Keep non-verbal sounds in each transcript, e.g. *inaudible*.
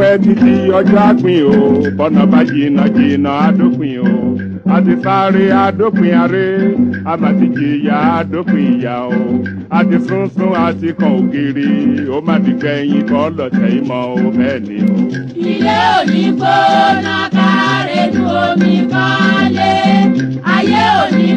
pẹ́ títí ọjọ́ àpín o bọ́nà bá jìnnà jìnnà àdópin o àtisáré àdópin aré àmàtìjìyà àdópin ìyà o àtisúnsún àtikàn ògiri ó má ti gbẹ̀yìn kọ́ lọ́tẹ̀ ìmọ̀ o bẹ́ẹ̀ ni o. ilé òní gbóná kárẹ́nu omi lé ayé òní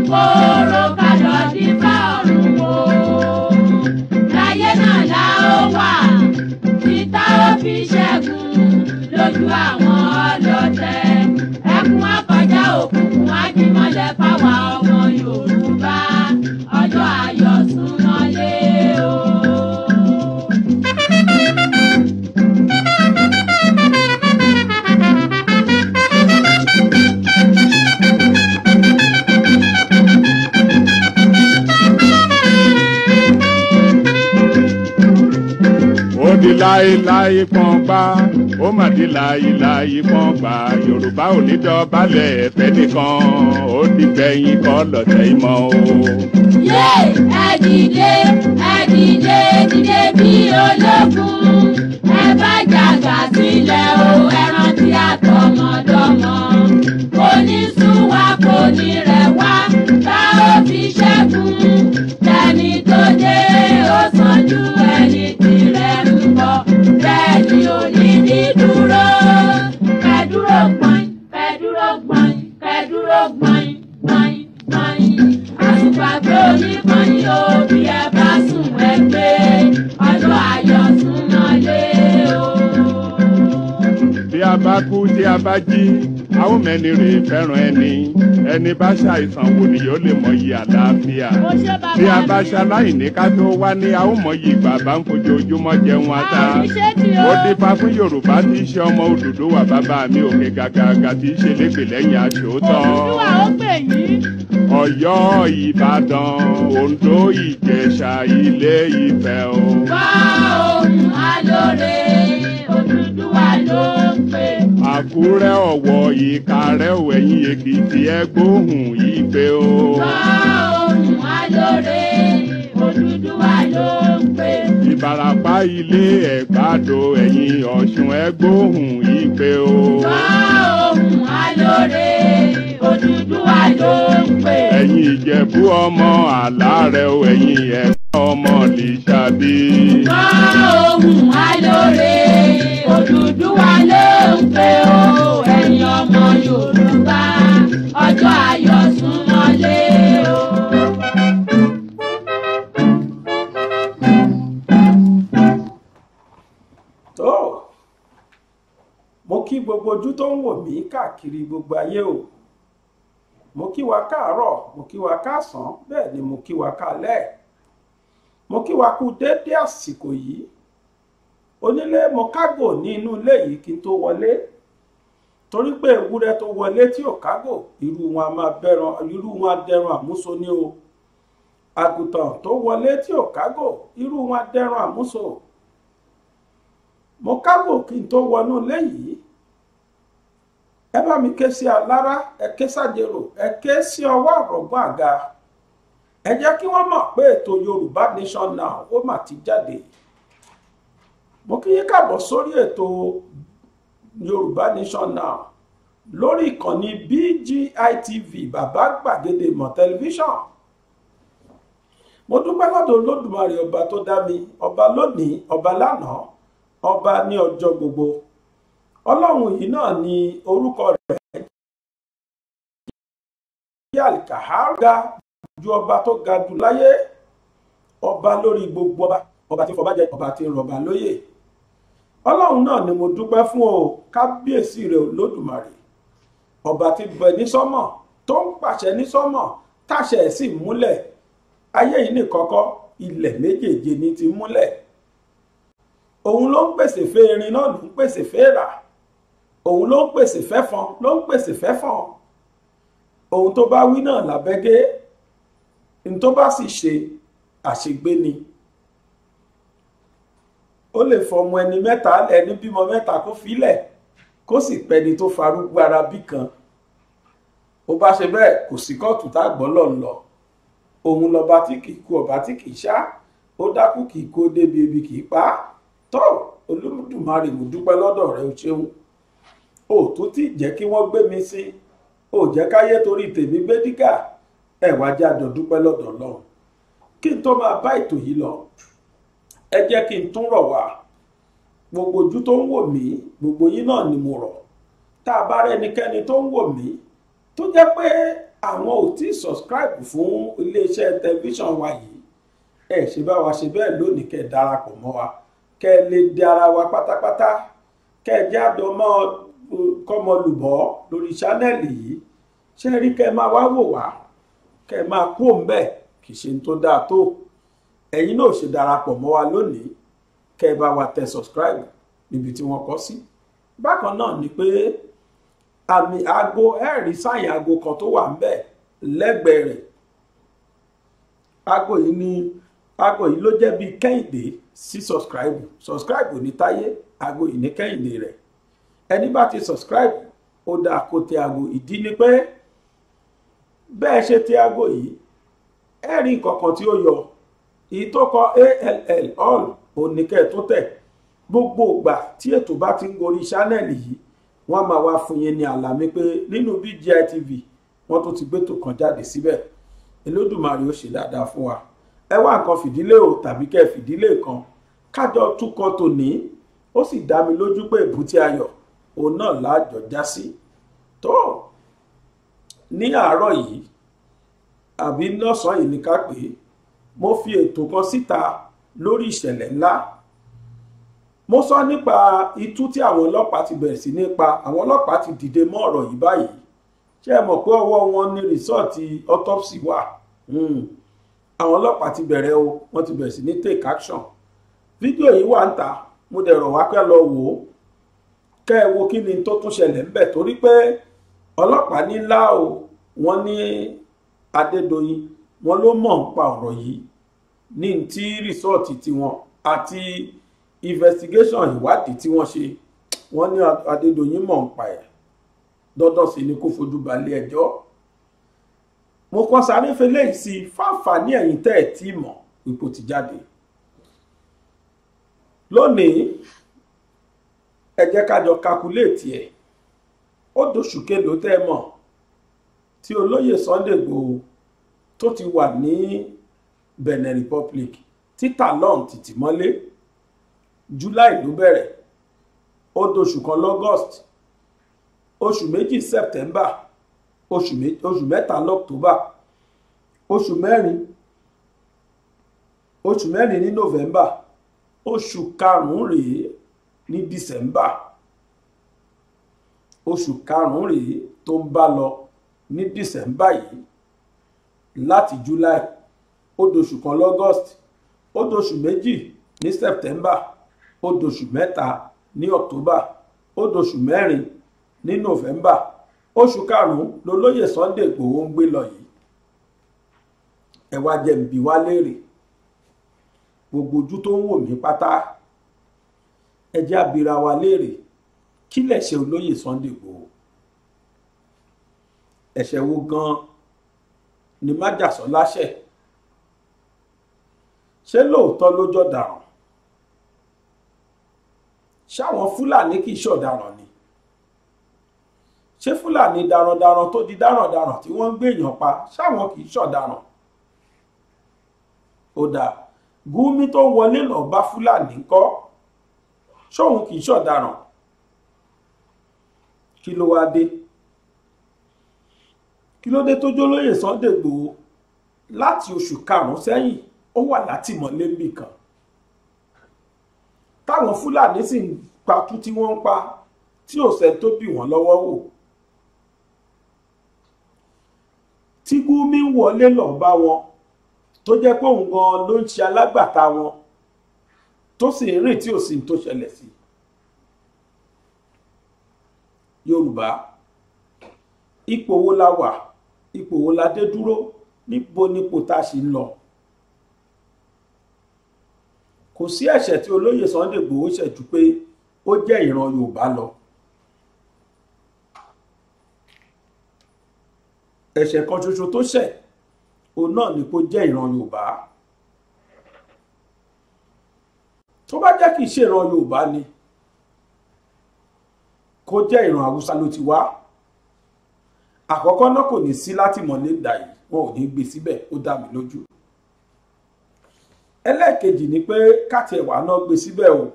láéláé pọ́npá ó mà di láéláé pọ́npá yorùbá ò ní dọ̀bálẹ̀ ẹ̀fẹ́ nìkan ó di gbẹ̀yìn kọ́ lọ́tẹ̀ ìmọ̀ o. yé àdìdé àdìdé dìde bí ológun ẹ bá jàgbà sílẹ̀ o ẹran tí a tọmọdọmọ kò ní sún wa kò ní rẹ̀ wá bá ó fi ṣẹ́gun tó dé ó Señor. bá kú tí a bá jí a ó fẹ́ràn ẹni ẹni bá ṣàìsàn ni yóò lè mọyì àlàáfíà bí a bá ṣaláìní ká tó wá ní a mọyì bàbá ń fojoojúmọ́ jẹun ata ó dípa fún Yorùbá tí í ṣe ọmọ Odùduwà bàbá mi òkè gàgàgà tí í ṣe lépè lẹ́yìn aṣòótọ́ Ọ̀yọ́ Ìbàdàn Oǹdó Ìjẹ̀ṣà Ilé Ifẹ̀ o. wá ohun alóore Odùduwà ló ń pè é àkúrẹ́ ọ̀wọ́ ìkarẹ́ òwẹ̀yìn èkìtì ẹgbóhùn yìí pé o. báwo wá lóore Odùduwà ló ń pè. ìbàràpá ilé ẹ̀gbádò ẹ̀yìn ọ̀ṣun ẹgbóhùn yìí pé o. báwo wá lóore Odùduwà ló ń pè. ẹ̀yin ìjẹ̀bú ọmọ àlárẹ̀ o ẹ̀yin ẹ̀gbọ́n ọmọ lè ṣàbí. báwo wá lóore ń pé o ẹ̀yin ọmọ Yorùbá ọjọ́ ayọ̀ súnmọ́lé o. tó mo kí gbogbo ojú tó ń wò ayé o mo kí wa káàárọ̀ mo kí wa káàsán bẹ́ẹ̀ ni mo kí wa káalẹ́ mo kí wa kú déédéé àsìkò yìí onílé mo kágò ní inú ilé yìí kí n tó wọlé torí pé tó wọlé tí ò kágò irú wọn a máa bẹran irú wọn a dẹran àmúso ni o àgùntàn tó wọlé tí ò kágò irú wọn a dẹran àmúso mo kágò kí n tó wọnú ilé yìí ẹ bá mi ké sí alára ẹ ké sàjèrò ẹ ké sí ti jáde mo kí yín kàbọ̀ sórí ètò yorùbá nation now lórí ìkànnì BGI TV bàbá gbàgede mọ̀ tẹlifíṣàn mo dúpẹ́ lọ́dọ̀ olódùmarè ọba tó dá mi ọba lónìí ọba lánàá ọba ní ọjọ́ gbogbo ọlọ́run yìí náà ni orúkọ rẹ̀ jẹ́ alikahar ga ju ọba tó ga jù láyé ọba lórí gbogbo ọba ọba tí fọba jẹ ọba tí ń rọba lóyè ọlọ́run náà ni mo dúpẹ́ fún o kábíyèsí rẹ̀ olódùmarè ọba ti bẹ ní sọ́mọ̀ tó ń pàṣẹ ní sọ́mọ̀ táṣẹ ẹ̀ sì múlẹ̀ ayé yìí nìkọ́kọ́ ilẹ̀ méjèèje ni ti múlẹ̀ òun ló ń pèsè féerin náà ló ń pèsè féèrà òun ló ń pèsè fẹ́fọn ló ń pèsè fẹ́fọn ohun tó bá wí náà làbẹ́gẹ́ ohun tó bá sì ṣe àṣegbé ni ó lè fọmọ ẹni mẹ́ta ẹni bímọ mẹ́ta kó filẹ̀ kó sì pẹni tó farúgbó ara bí kan ó bá ṣe bẹ́ẹ̀ kò sí kóòtù tá a gbọ́ lọ ń lọ òun lọba tí kì í kú ọba tí kì í ṣá ó dákú kì í kó débi ebi kì í pa á tó olódùmarè mo dúpẹ́ lọ́dọ̀ rẹ o ṣeun o tún ti jẹ́ kí wọ́n gbé mi sí o jẹ́ káyé torí tèmi gbé dígà ẹ̀wájà dọ̀ dúpẹ́ lọ́dọ̀ lọ́hùn kí n tó máa bá ètò yìí lọ ẹ jẹ́ kí n tún rọ̀ wá gbogbo ojú tó ń wò mí gbogbo yín náà ni mo rọ̀ tá a bá rẹ́nikẹ́ni tó ń wò mí tó jẹ́ pé àwọn ò tí subscribe fún iléeṣẹ́ tẹlifíṣàn wa yìí ẹ ṣe bá wa ṣe bẹ́ẹ̀ lónìí kẹ́ ẹ darapọ̀ mọ́ wa kẹ́ ẹ lè di ara wa pátápátá kẹ́ ẹ jẹ́ àdọ́mọ́ kọ́mọlùbọ́ lórí ṣánẹ́ẹ̀lì yìí ṣé rí kẹ́ ẹ máa wá wò wá kẹ́ ẹ máa kú òun bẹ́ẹ̀ kì í ṣe ní tó dáa tó ẹ̀yin náà ṣe darapọ̀ mọ́ wa lónìí kẹ́ ẹ bá wa tẹ subscribe níbi tí wọ́n kọ sí bákan náà ni pé àmì aago ẹ̀rí sáyìn aago kan tó wà ńbẹ̀ lẹ́gbẹ̀ẹ́ rẹ̀ aago yìí ni aago yìí ló jẹ́ bíi kẹ́hìndé sí subscribe subscribe ní táyé aago yìí ní kẹ́hìndé rẹ̀ ẹni bá ti subscribe ó dáa kó tẹ aago ìdí ni pé bẹ́ẹ̀ ṣe tẹ aago yìí ẹ̀rí nǹkan tí ó yọ èyí tó all all oníkẹ́ tó tẹ̀ gbogbo ìgbà tí ètò bá ti ń gorí ṣánẹ́ẹ̀lì yìí wọ́n máa wá fún yín ní àlàmí pé nínú BGI TV wọ́n tó ti gbétò kan jáde síbẹ̀ Elédùmarè ó ṣe dáadáa fún wa ẹ wá nǹkan fìdílé o tàbí kẹ́ fìdílé kan kájọ túkọ tòní ó sì dá mi lójú pé èbúté ayọ̀ òun náà láàjọ já sí tó ní àárọ̀ yìí àbí lọ́sàn-án yìí ni ká pè é mo fi ètò kan síta lórí ìṣẹ̀lẹ̀ ńlá mo sọ nípa itú tí àwọn ọlọ́pàá ti bẹ̀rẹ̀ sí nípa àwọn ọlọ́pàá ti dìde mọ́ ọ̀rọ̀ yìí báyìí ṣé ẹ mọ̀ pé ọwọ́ wọn ní rìsọ́ọ̀tì autopsy wà hmm. àwọn ọlọ́pàá ti bẹ̀rẹ̀ o wọ́n ti bẹ̀rẹ̀ sí ní take action fídíò yìí wà ń ta mo dẹ̀ rọ̀ wá pé lọ wò ó kẹ́ ẹ wo kí ni tó tún ṣẹlẹ̀ ńbẹ̀ torí pé ọlọ́pàá ní láò wọ́n ní Adédoyin wọn ló mọ̀ ń pa ọ̀rọ̀ yìí ní ti rìsọ́ọ̀tì tiwọn àti investigation ìwádìí tí wọ́n ṣe wọ́n ní Adédoyin mọ̀ ń pa ẹ̀ dandan sì ni kó fojú balẹ̀ ẹjọ́ mo kọ́ sáré fẹlẹ́ yìí sí fáfà ní ẹ̀yìn tẹ́ ẹ̀ tí mọ̀ ipò ti jáde lónìí ẹ jẹ́ ká jọ kakuléètì ẹ̀ ó dóṣù kélòó tẹ́ ẹ mọ̀ tí olóyè Sunday Igboho tó ti wà ní Benin Republic tí Talon tìtì mọ́lé July ló bẹ̀rẹ̀ ó doṣù kan l'August oṣù méjì September oṣù mẹ́ta l'October oṣù mẹ́rin oṣù mẹ́rin ní November oṣù karùn-ún rèé ní December oṣù karùn-ún rèé tó ń bá lọ ní December yìí láti july ó doṣù kan lọ́gọ́st ó doṣù méjì ní september ó doṣù mẹ́ta ní october ó doṣù mẹ́rin ní november oṣù karùn-ún lolóyè sunday igbòho ń gbé lọ yìí ẹ wá jẹ́ n bi wá léèrè gbogbo ojú tó ń wò mí pátá ẹ jẹ́ a bi ara wa léèrè kí lẹ̀ ṣe olóyè sunday igbòho ẹ̀ṣẹ̀ wo gan-an ni májàsọ láṣẹ ṣé lóòótọ́ ló jọ dàrán ṣáwọn fúlàní kì í ṣọ̀daràn ni ṣé fúlàní darandaran tó di darandaran tí wọ́n ń gbèyàn pa ṣáwọn kì í ṣọ̀daràn ó dáa Gumi tó wọlé lọ bá fúlàní kọ́ ṣóun kì í ṣọ̀daràn kí ló wáá dé kí ló dé tó jólóyè Sunday Igboho láti oṣù karùn-ún sẹ́yìn ó wà látìmọ́lé níbì kan táwọn Fúlàní sì ń patú tí wọ́n ń pa tí ò sẹ́ni tó bì wọ́n lọ́wọ́ wò tí Gumi ń wọlé lọ bá wọn tó jẹ́ pé òun gan ló ń ṣe alágbàtà wọn tó sì ń rìn tí ò sí tó ṣẹlẹ̀ sí Yorùbá ipò wo la wà ipò wo la dé dúró níbo nípò tá a sì ń lọ kò sí ẹ̀ṣẹ̀ tí olóyè Sunday Igboho ṣẹ̀ jù pé ó jẹ́ ìran Yorùbá lọ ẹ̀ṣẹ̀ kan ṣoṣo tó ṣẹ̀ òun náà ni kó jẹ́ ìran Yorùbá tó bá jẹ́ kì í ṣèran Yorùbá ni kó jẹ́ ìran Haúsá ló ti wá àkọ́kọ́ náà kò ní sí látìmọ́lé dà yìí wọn ò ní gbé síbẹ̀ ó dá mi lójú ẹlẹ́ẹ̀kejì ni pé kátìẹ̀wá náà gbé síbẹ̀ o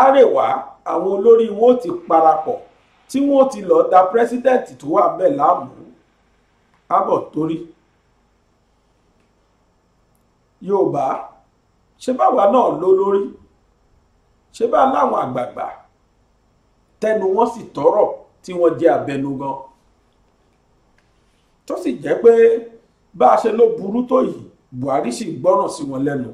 àárẹ̀wá àwọn olórí wọn ò ti parapọ̀ tí wọn ò ti lọ́ọ́ da pírẹ́sídẹ̀ǹtì tó wà bẹ́ẹ̀ láàmú ábọ̀ torí yorùbá ṣé báwa náà ló lórí ṣé bá láwọn àgbààgbà tẹnu wọn sì tọrọ tí wọn jẹ abẹnugan tó sì jẹ́ pé bá a ṣe ló burú tó yìí Buhari sì gbọ́ràn sí wọn lẹ́nu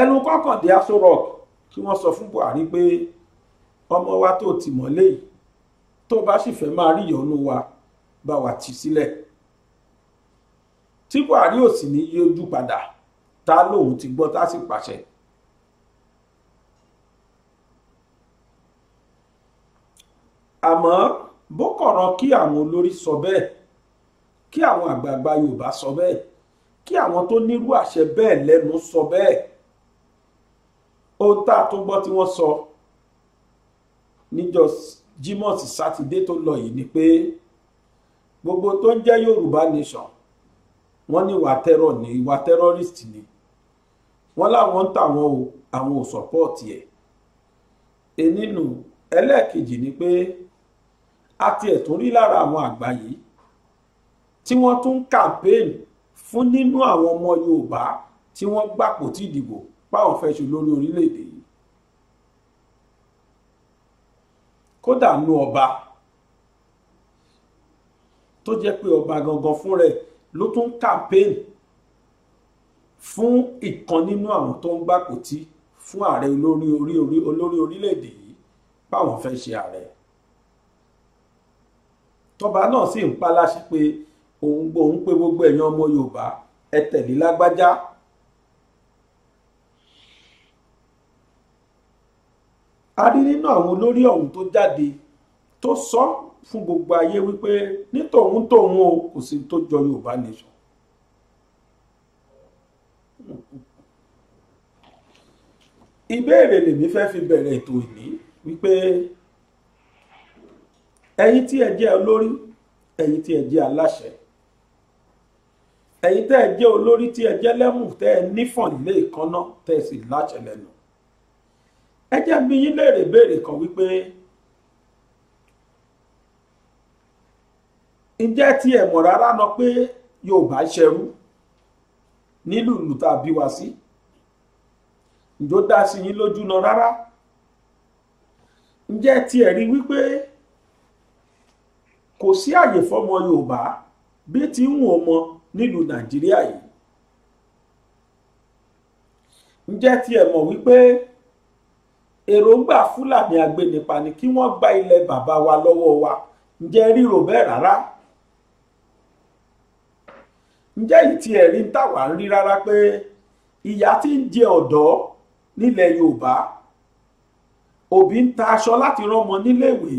ẹnu kọkàndé aṣọ rock kí wọ́n sọ fún Buhari pé ọmọ wa tó ti mọ́lé yìí tó bá sì fẹ́ máa rí ìyọnu wa bá wa tì sílẹ̀ tí Buhari ò sì ní yọjú padà ta lòun ti gbọ́ tá sì pàṣẹ. àmọ́ bó kọ̀rọ̀ kí àwọn olórí sọ bẹ́ẹ̀ kí àwọn àgbààgbà yorùbá sọ bẹ́ẹ̀ kí àwọn tó nírú àṣẹ bẹ́ẹ̀ lẹ́nu sọ bẹ́ẹ̀ ohun tá a tún gbọ́ tí wọ́n sọ níjọ́ Jímọ̀ sátidé tó lọ yìí ni pé gbogbo tó ń jẹ́ yorùbá nation wọ́n ní ìwà terror ní ìwà terrorist ni wọ́n láwọn ń tàwọn o àwọn ò sọ́pọ̀ọ̀tì ẹ̀ ẹnìnú ẹlẹ́ẹ̀kejì ni pé. E a ti ẹ̀tún rí lára àwọn àgbà yìí tí wọ́n tún ń kàmpéènì fún nínú àwọn ọmọ Yorùbá tí wọ́n gbàpò tí ìdìbò páwọn fẹ́ ṣe lórí orílẹ̀-èdè yìí kódà nu ọba tó jẹ́ pé ọba gangan fún rẹ̀ ló tún ń kàmpéènì fún ìkan nínú àwọn tó ń gbàpò tí fún ààrẹ olórí orílẹ̀-èdè yìí báwọn fẹ́ ṣe ààrẹ tọba náà sì ń pa láṣẹ pé òun gbòun pé gbogbo ẹ̀yin ọmọ yorùbá ẹ tẹ̀lé lágbájá a rí nínú àwọn olórí ọ̀hún tó jáde tó sọ fún gbogbo ayé wípé ní tòun o kò sí tó jọ yorùbá nation ìbéèrè lèmi fẹ́ fi bẹ̀rẹ̀ ètò ìní wípé Eyi tí ẹ olori, olórí ẹ̀yin tí ẹ jẹ́ aláṣẹ ẹ̀yin tẹ́ ẹ jẹ́ olórí tí ẹ jẹ́ lẹ́mù tẹ́ ẹ nífọ̀n lé ẹ sì láṣẹ ẹ bí yín léèrè béèrè kan wípé ǹjẹ́ tí ẹ mọ̀ rárá lọ pé Yorùbá ṣẹrú nílùú ìlú tá a bí wa sí ǹjọ́ dá sí yín lójú náà kò sí àyè fọmọ yorùbá bí ti ń wọ̀n mọ nílùú nàìjíríà yìí ǹjẹ́ tiẹ̀ mọ̀ wípé èròǹgbà fúlàní agbẹnipa ni kí wọ́n gba ilẹ̀ bàbá wa lọ́wọ́ wa ǹjẹ́ ríro bẹ́ẹ̀ rárá ǹjẹ́ ìtì ẹ̀rí ń tàwa ń rí rárá pé ìyá tí ń jẹ ọ̀dọ́ nílẹ̀ yorùbá òbí ń ta aṣọ láti rán ọmọ níléèwé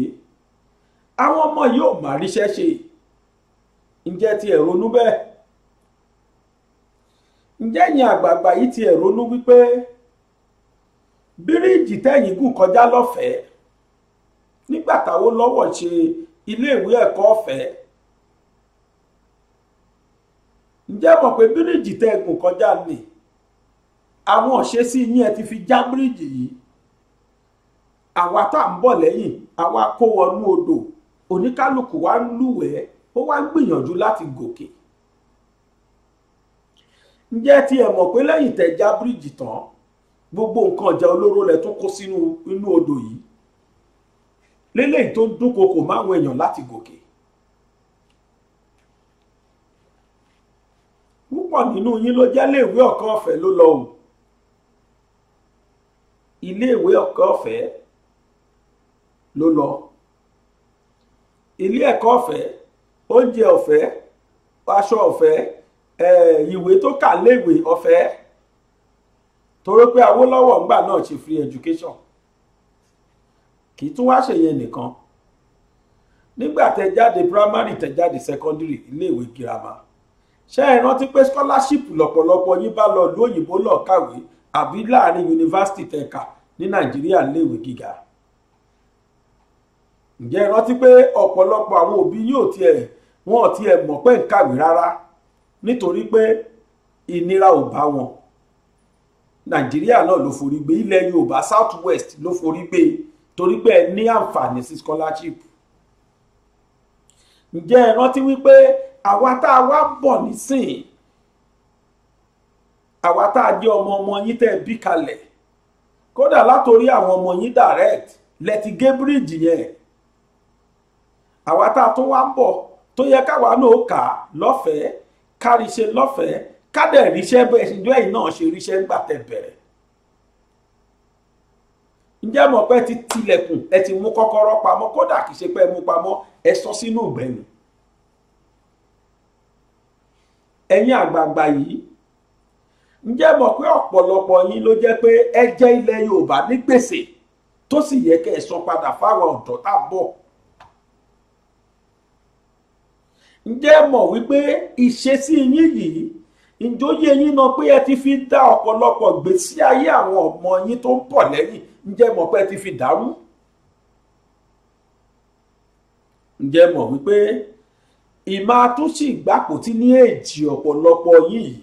àwọn ọmọ yìí maa má ríṣẹ́ ṣe ǹjẹ́ ti ẹ̀ ronú bẹ́ẹ̀ ǹjẹ́ agbagba àgbààgbà ti ẹ̀ wípé bíríìjì tẹ̀yìn gùn kọjá lọ́fẹ̀ẹ́ nígbà táwọn lọ́wọ́ ṣe iléèwé ẹ̀kọ́ ọ̀fẹ́ ǹjẹ́ mọ̀ pé bíríìjì tẹ́ ni àwọn ọ̀ṣẹ́sí yín ẹ ti fi já bíríìjì yìí àwa tá à ń bọ̀ lẹ́yìn àwa kó wọnú oníkálukú wa ń lúwẹ̀ẹ́ ó wá ń gbìyànjú láti gòkè ǹjẹ́ tí ẹ mọ̀ pé lẹ́yìn tẹ́ já bíríìjì tán gbogbo nǹkan ọjà olóró lẹ tún kó sínú inú odò yìí lélẹ́yìí tó ń dúnkokò máwọn èèyàn láti gòkè púpọ̀ nínú yín ló jẹ́ iléèwé ọ̀kan ọ̀fẹ́ ló lọ o iléèwé ọ̀kan ọ̀fẹ́ ló lọ. ilé ẹ̀kọ́ ọ̀fẹ́ oúnjẹ ọ̀fẹ́ aṣọ ọ̀fẹ́ ìwé tó kà léèwé ọ̀fẹ́ torí pé Awólọ́wọ̀ ńgbà náà ṣe free education kì í tún wá ṣèyẹn nìkan nígbà tẹ jáde primary tẹ jáde secondary iléèwé girama ṣé ẹ rántí pé scholarship lọ́pọ̀lọpọ̀ yín bá lọ ìlú òyìnbó lọ kàwé àbí láàrin yunifásitì tẹ̀ka ní nàìjíríà léèwé gíga ǹjẹ́ ẹ rántí pé ọ̀pọ̀lọpọ̀ àwọn òbí yóò tiẹ̀ wọn ò tiẹ̀ mọ̀ pé ń kàwé rárá nítorí pé ìnira ò bá wọn nàìjíríà náà ló forí gbé ilẹ̀ yorùbá south west ló forí gbé torí pé ẹ ní àǹfààní sí scholarship ǹjẹ́ ẹ rántí wípé àwa tá a wá bọ̀ nísìn àwa tá a jẹ́ ọmọ ọmọ yín tẹ́ ẹ bí kalẹ̀ kódà látòrí àwọn ọmọ yín direct lẹ́tí gébríjì yẹn àwa tá a tún wá ń bọ̀ tó yẹ káwa náà kà á lọ́fẹ̀ẹ́ kárí ṣe lọ́fẹ̀ẹ́ kádẹ̀ ríṣẹ́ bẹ́ẹ̀ ṣíjọ́ ẹ̀yìn náà ṣe ríṣẹ́ ńgbà tẹ̀ bẹ̀rẹ̀ ǹjẹ́ mọ̀ pé ti tilẹ̀kùn ẹ ti mú kọ́kọ́rọ́ pamọ́ kódà kì í ṣe pé ẹ mú pamọ́ ẹ sọ sínú ìgbẹ́nu ẹ̀yin àgbààgbà yìí ǹjẹ́ mọ̀ pé ọ̀pọ̀lọpọ̀ yín ló jẹ́ pé ẹ jẹ́ ilẹ̀ Yorùbá ní gbèsè tó sì yẹ kẹ́ ẹ san padà fáwọn ọ̀dọ́ tá a bọ̀ ǹjẹ́ mọ̀ wípé ìṣesí yín yìí ìjòyè yín pe pé ẹ ti fi da ọ̀pọ̀lọpọ̀ gbèsè ayé àwọn ọmọ yín tó ń pọ̀ lẹ́yìn ǹjẹ́ mọ̀ pé ẹ ti fi dàrú. ǹjẹ́ mọ̀ wípé ìmọ̀ àtúnṣe ìgbàpótí ní èjì ọ̀pọ̀lọpọ̀ yìí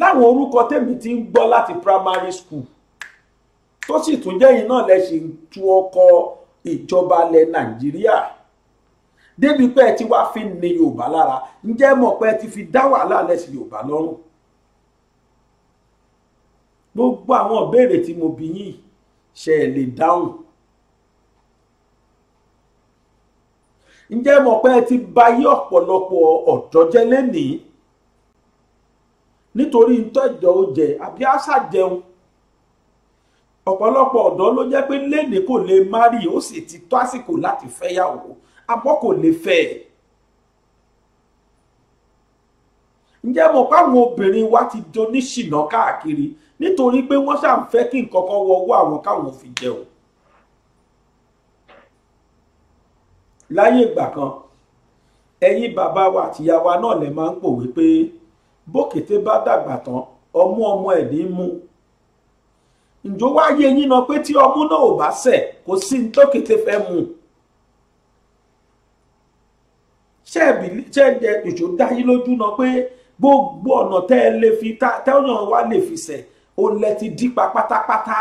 láwọn orúkọ ti ń gbọ́ láti primary school tó sì tún jẹ́yìn náà lẹ́sìn tu ọkọ̀ ìjọba ilẹ̀ nàìjíríà débi pé ẹ ti wá fi ní yorùbá lára ǹjẹ́ mọ̀ pé ẹ ti fi dá wàhálà lẹ́sìn yorùbá lọ́rùn gbogbo àwọn ìbéèrè tí mo bi yín ṣe ẹ lè dáhùn ǹjẹ́ mọ̀ pé ẹ ti bayé ọ̀pọ̀lọpọ̀ ọ̀dọ́ jẹ́ lẹ́nìí nítorí ntọ́jọ́ ó jẹ àbí àṣà jẹun ọ̀pọ̀lọpọ̀ ọ̀dọ́ ló jẹ́ pé lẹ́nìí kò lè má rí ó sì ti tó àsìkò láti fẹ́yàwó àmọ́ kò lè fẹ́ ẹ̀. ǹjẹ́ mọ̀ páwọn obìnrin wa ti doníṣìnà káàkiri nítorí pé wọ́n ṣáà ń fẹ́ kí nǹkan kan wọ ọwọ́ àwọn káwọn fi jẹun. láyé ìgbà kan ẹ̀yin bàbá wa àtìyá wa náà lè máa ń pòwe pé bókété bá dàgbà tán ọmú ọmọ ẹ̀ ní mú ǹjọ́ wáyé yín náà pé tí ọmú náà ò bá ṣẹ̀ kò sí ní tókété fẹ́ mú un. ṣẹ́ẹ̀bì ṣẹ́ẹ̀jẹ èso dáyé lójú náà pé gbogbo ọ̀nà tẹ́ ẹ lè fi tẹ́ ọ̀nà wa lè fi sẹ̀ ó lẹ ti dípa pátápátá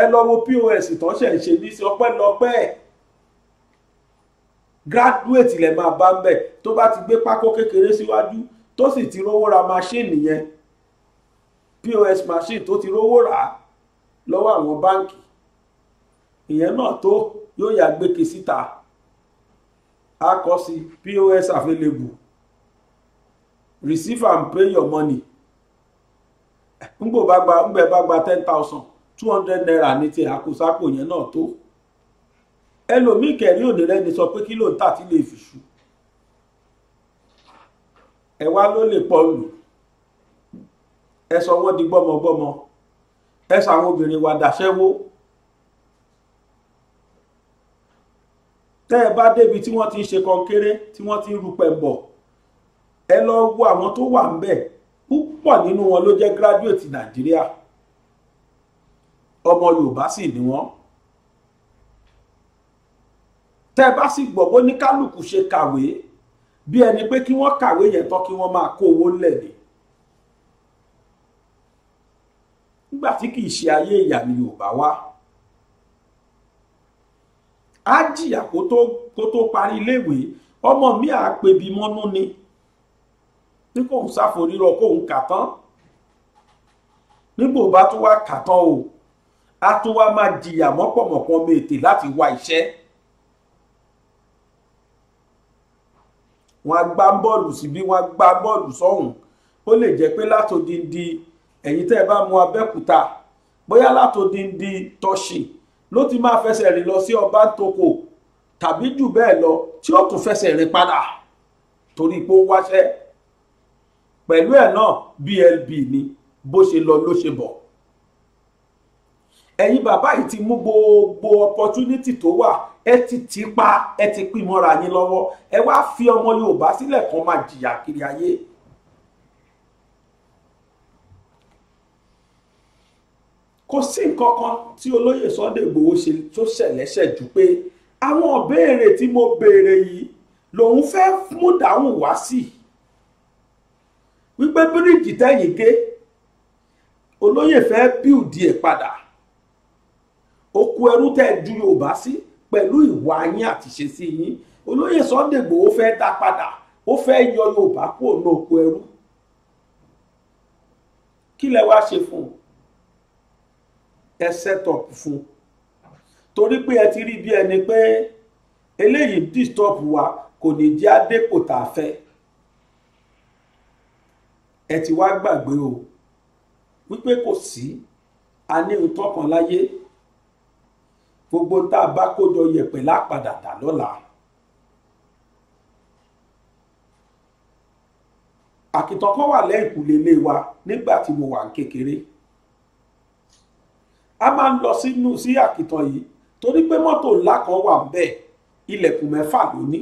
ẹ lọ wo pos tán ṣẹ̀ ń ṣe ní sí ọpẹ́lọpẹ́ graduate lẹ máa bá ń bẹ̀ tó bá ti gbé pákó kékeré síwájú tó sì ti rówó ra máṣíìnì yẹn pos machine tó ti rówó rà á lọ́wọ́ àwọn báǹkì ìyẹn náà tó yóò yá gbé síta. Si akọsi pos available receive and pay your money ngbò bá gba ngbẹ bá gba ten thousand two hundred naira ní ti àkósápò yẹn náà tó ẹlòmíì kẹrin òní rẹ ni sọ pé kí ló ń tà tí lè fi ṣu ẹ wá ló lè pọ lù ẹ sọ wọn di gbọmọgbọmọ ẹ sọ àwọn obìnrin wa dàṣẹ́wó. tẹ́ ẹ bá débi tí wọ́n ti ń ṣe kọnkéré tí wọ́n ti ń rúpẹ̀ bọ̀ ẹ lọ wo àwọn tó wà ń bẹ̀ púpọ̀ nínú wọn ló jẹ́ graduate nàìjíríà ọmọ yorùbá sì ni wọ́n tẹ́ ẹ bá sì gbọ́ bó ní kálukú ṣe kàwé bí ẹni pé kí wọ́n kàwé yẹn tán kí wọ́n máa kó owó lẹ̀ ni nígbà tí kì í ṣe ayé ìyá yorùbá wá á jìyà kó tó parí iléèwé ọmọ mi à pebi mọ́nú ni ní kò ń sáforírọ kò ń kà tán nígbò bá tún wá kà tán o a tún wá máa jìyà mọ́pọ̀mọ̀pọ̀ mi ètè láti wá iṣẹ́ wọn á gbá bọ́ọ̀lù síbí wọn á gbá bọ́ọ̀lù sọ́hùn ó lè jẹ́ pé látòdìndì ẹ̀yìn tẹ́ ẹ bá mu Abẹ́òkúta bóyá látòdìndì tọ́sìn ló ti máa fẹsẹ̀ rìn lọ sí ọba tókò tàbí jù bẹ́ẹ̀ lọ tí ó tún fẹsẹ̀ rìn padà torí pé ó wáṣẹ́ pẹ̀lú ẹ̀ náà blb ni bó ṣe lọ ló ṣe bọ̀ ẹ̀yin bàbá yìí ti mú gbogbo opportunity tó wà ẹ ti tì pa ẹ ti pín mọ́ra yín lọ́wọ́ ẹ wá fi ọmọ Yorùbá sílẹ̀ kan máa jìyà kiri ayé. kò sí nǹkan kan tí olóyè Sunday Igboho ṣe tó ṣẹlẹ́ṣẹ̀ jù pé àwọn ìbéèrè tí mo béèrè yìí lòun fẹ́ mú dáhùn wá sí wípé bíríìjì tẹ́yìn gé olóyè fẹ́ bíùdì ẹ̀ padà òkú ẹrú tẹ́ ju Yorùbá sí pẹ̀lú ìwà yín àti ìṣesí yín olóyè Sunday Igboho fẹ́ dá padà ó fẹ́ yọ Yorùbá kúrò ní òkú ẹrú kí lẹ wá ṣe fún un ẹ set up fún torí pé ẹ ti rí bí ẹni pé eléyìí disturb wa kò ní jẹ́ adépò tá a fẹ́ ẹ ti wá gbàgbé o wípé kò sí a ní nǹkan kan láyé gbogbo tá a bá kó jọ yẹ̀pẹ̀ lápadà dà lọ́la. àkìtàn kan wà lẹ́yìnkùlé ilé wa nígbà tí mo wà kékeré a máa ń lọ sínú sí àkìtàn yìí torí pé mọ́tò ńlá kan wà bẹ́ẹ̀ ilẹ̀kùn mẹ́fà ló ní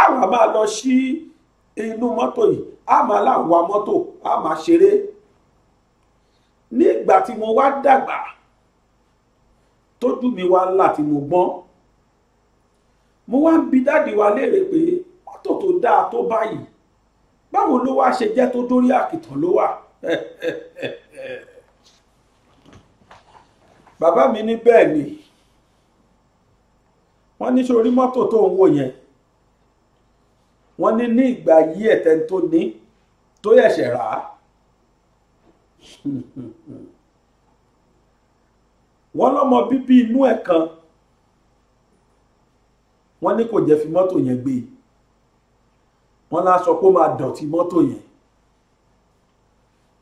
a wà máa lọ sí inú mọ́tò yìí a máa láwa mọ́tò a máa ṣeré ní tí mo wá dàgbà tójú mi wá ńlá mo gbọ́n mo wá ń bi dáàdì wa léèrè pé mọ́tò tó dáa tó báyìí báwo ló wá ṣe jẹ́ tó dórí àkìtàn ló wà *laughs* bàbá mi ní bẹ́ẹ̀ ni wọ́n ní sórí mọ́tò tó ń wò yẹn wọ́n ní ní ìgbà yí ẹ̀tẹ́ tó ní tó yẹ̀ṣẹ̀ rà á *laughs* wọ́n lọ́mọ bíbí inú ẹ̀ kan wọ́n ní kò jẹ́ fi mọ́tò yẹn gbé wọ́n lá sọ pé ó máa dọ̀tí mọ́tò yẹn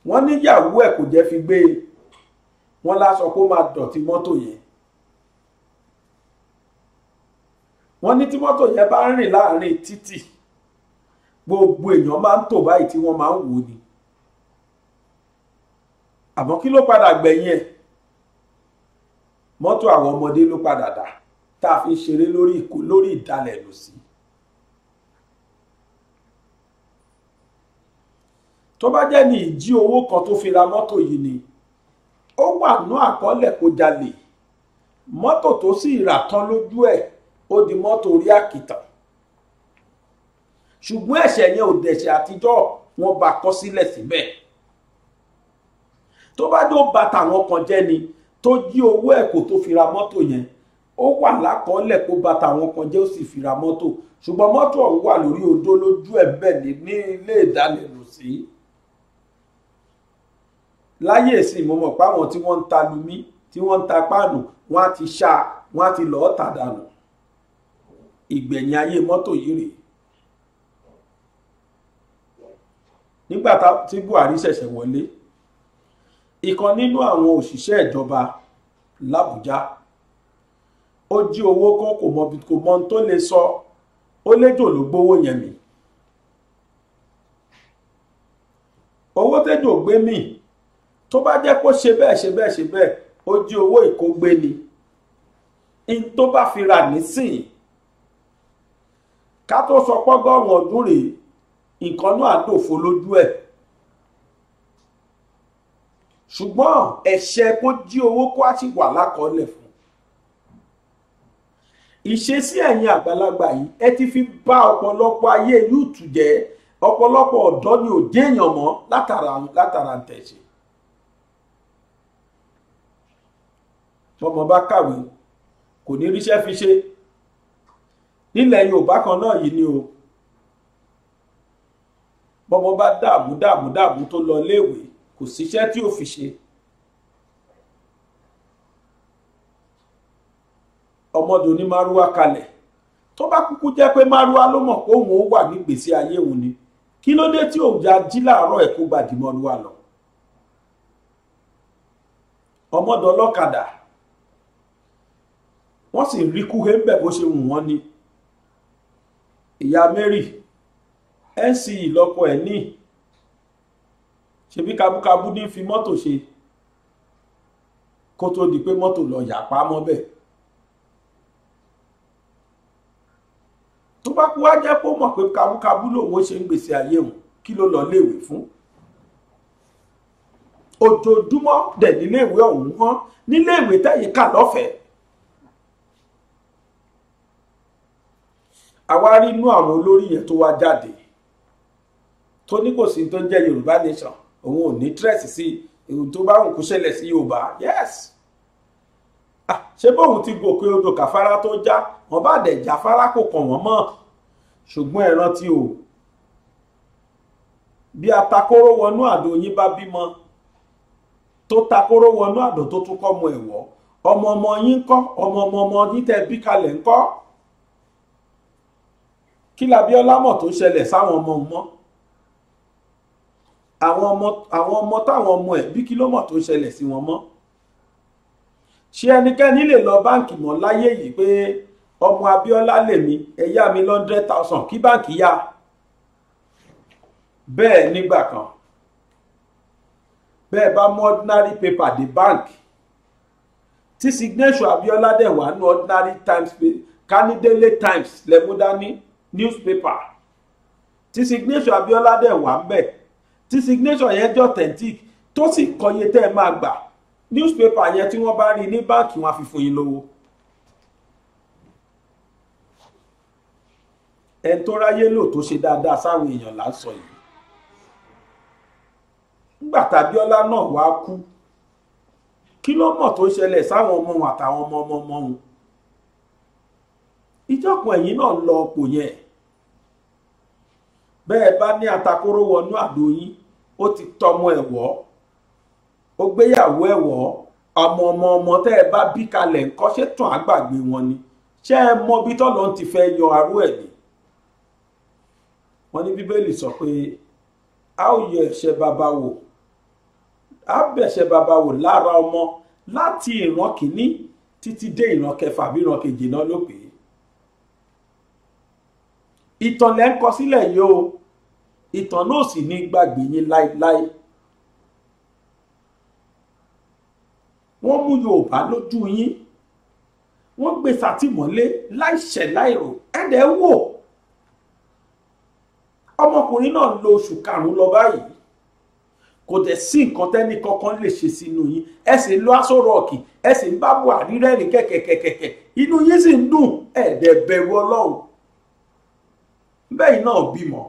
wọ́n níyàwó ẹ̀ kò jẹ́ fi gbé e wọ́n láṣọ kó máa dọ̀tí mọ́tò yẹn wọ́n ní tí mọ́tò yẹn bá rìn láàrin títì gbogbo èèyàn máa ń tò báyìí tí wọ́n máa ń wò ni àmọ́ kí ló padà gbẹ̀yìn ẹ̀ mọ́tò àwọn ọmọdé ló padà dà tá a fi ṣeré lórí ìkó lórí ìdalẹ̀ lò sí. tó bá jẹ́ ní ìjí owó kan tó fi ra mọ́tò yìí ni. Moto ó wà nú àkọọ́lẹ̀ kó jalè mọ́tò tó sì rà tán lójú ẹ̀ ó di mọ́tò orí àkìtàn ṣùgbọ́n ẹ̀ṣẹ̀ yẹn ò dẹ̀ṣẹ̀ àtijọ́ wọn bá kọ́ sílẹ̀ síbẹ̀ tó bá dó bàtà wọn kan jẹ́ ni tó jí owó ẹ̀ kó tó fi ra mọ́tò yẹn ó wà lákọọ́lẹ̀ kó bàtà wọn kan jẹ́ ó sì fi ra mọ́tò ṣùgbọ́n mọ́tò ọ̀hún wà lórí odó lójú ẹ̀ bẹ́ẹ̀ ní ilé ìdánilù sí i láyé ìsìn mo mọ̀ pé àwọn tí wọ́n ń ta lumí tí wọ́n ń ta páànù wọ́n á ti ṣá wọ́n á ti lọ́ọ́ tà dànù ìgbẹ̀yìn ayé mọ́tò yìí rèé nígbà tí Buhari ṣẹ̀ṣẹ̀ wọlé ìkan nínú àwọn òṣìṣẹ́ ìjọba làbújá ó jí owó kan kò mọ kò mọ tó lè sọ ó léjò ló gbowó yẹn mi owó tẹjọ gbé mi tó bá jẹ́ kó ṣe bẹ́ẹ̀ ṣe bẹ́ẹ̀ ṣe bẹ́ẹ̀ ó jí owó ìkógbé ni in tó bá fi rà nísìn ká tó sọ pọ́gọ́rùn ọdún rèé nǹkan náà dòfo lójú ẹ̀ ṣùgbọ́n ẹ̀ṣẹ̀ kó jí owó kó á sì wà lákọọ́lẹ̀ fún ìṣesí ẹ̀yin àgbàlagbà yìí ẹ ti fi bá ọ̀pọ̀lọpọ̀ ayé yúùtù jẹ́ ọ̀pọ̀lọpọ̀ ọ̀dọ́ ni ò déèyàn mọ́ látara látara tẹ̀sí bọ́mọ bá kàwé kò ní ríṣẹ́ fi ṣe nílẹ̀ Yorùbá kan náà yìí ni o bọ́mọ bá dààmú dààmú dààmú tó lọ léèwé kò síṣẹ́ tí ò fi ṣe ọmọdún ní márúwá kalẹ̀ tó bá kúkú jẹ́ pé márúwá ló mọ̀ pé òun ó wà nígbèsí ayé òun ni kí ló dé tí òun já jí láàárọ̀ ẹ̀ kó gbàdìmọ́lúwa ọmọdún ọlọ́kadà wọ́n sì rí kúhé bẹ̀ bó ṣe wù wọ́n ni ìyá Mary nc lọ́kọ ẹ̀ ní ṣebí kabúkabú ní fi mọ́tò ṣe kó tó di pé mọ́tò lọ yà pa mọ́ bẹ́ẹ̀ tó bá kú wá jẹ́ kó mọ̀ pé kabúkabú lòun ṣe ń gbèsè ayé òun kí ló lọ léèwé fún ojoojúmọ́ dẹ̀ níléèwé ọ̀hún hàn níléèwé tẹ̀yìn kà lọ́fẹ̀ẹ́ àwa rí inú àwọn olórí yẹn tó wá jáde tó ní kò sí tó ń jẹ́ yorùbá nation òun ò ní tírẹ̀sì sí ìhùn tó bá òun kó ṣẹlẹ̀ sí yorùbá yes ah, ṣé bóun ti gòkè odò kàfárá tó já wọn bá dẹ̀ jáfárá kò kàn wọ́n mọ́ ṣùgbọ́n ẹ rántí o bí atakóró wọnú àdó yín bá bímọ tó takóró wọnú àdó tó tún kọ́ ọmọ ẹ̀wọ́ ọmọ ọmọ yín kọ́ ọmọ ọmọ ọmọ yín tẹ́ bí kalẹ̀ ń kọ́ kí labiola mọ̀ tó ṣẹlẹ̀ sáwọn ọmọ mọ́ àwọn ọmọ àwọn ọmọ táwọn ọmọ ẹ̀ bí kí ló mọ̀ tó ṣẹlẹ̀ sí wọn mọ́ ṣé ẹnikẹ́ni lè lọ báǹkì mọ́ láyé yìí pé ọmọ abiola lèmi ẹ yá mi lọ́ndrẹ́d tàùsàn kí báǹkì yá bẹ́ẹ̀ nígbà kan bẹ́ẹ̀ bá mú ordinary paper dé báǹkì tí signature abiola dẹ̀ wà ní ordinary times Kanidele Times lẹ́mú dání newspaper tí signature Abiola dẹ̀ wà ń bẹ̀ tí signature yẹn jẹ́ authentic tó sì kọye tẹ́ ẹ máa gbà newspaper yẹn tí wọ́n bá rí ní báǹkì wọn àfi fún yín lówó. ẹni tó ráyé lò tó ṣe dáadáa sáwọn èèyàn là ń sọ yìí nígbà tÀbíọ́lá náà wàá kú kí ló mọ̀ tó ṣẹlẹ̀ sáwọn ọmọ wọn àtàwọn ọmọ ọmọ ọmọ wọn ìjọkùn ẹ̀yìn náà lọ ọ̀pọ̀ yẹn bẹ́ẹ̀ bá ní atakóró wọnú àdó yín ó ti tọmọ ẹ̀wọ́ ó gbéyàwó ẹ̀wọ́ ọmọ ọmọ ọmọ tẹ́ ẹ bá bí kalẹ̀ ńkọ́ ṣé tàn á gbàgbé wọn ni ṣé ẹ mọ bí tọ́lọ́ ti fẹ́ yọ arú ẹ̀ ni wọ́n ní bíbélì sọ pé a ó yọ ẹ̀ṣẹ̀ bàbá wò a bẹ̀ṣẹ̀ bàbá wò lára ọmọ láti ìran kìíní títí dé ìran kẹfà bí ìran keje náà ló pè é ìtàn lẹ́ ń kọ sílẹ̀ yìí o ìtàn náà sì ní gbàgbé yín láéláé wọ́n mú yorùbá lójú yín wọ́n gbé sátìmọ́lé láìṣẹ̀ láìrò ẹ̀dẹ̀ wò ọmọkùnrin náà lo oṣù karùn-ún lọ báyìí kò dẹ̀ sí nǹkan tẹ́ni kankan lè ṣe sínú yín ẹ sì lọ aṣọ rọọkì ẹ sì ń bá buhari rẹ́rìn kẹ̀kẹ̀kẹ̀kẹ̀ inú yín sì ń dùn ẹ̀ẹ́dẹ̀ bẹ̀rù ọlọ́run bẹ́yìn náà bímọ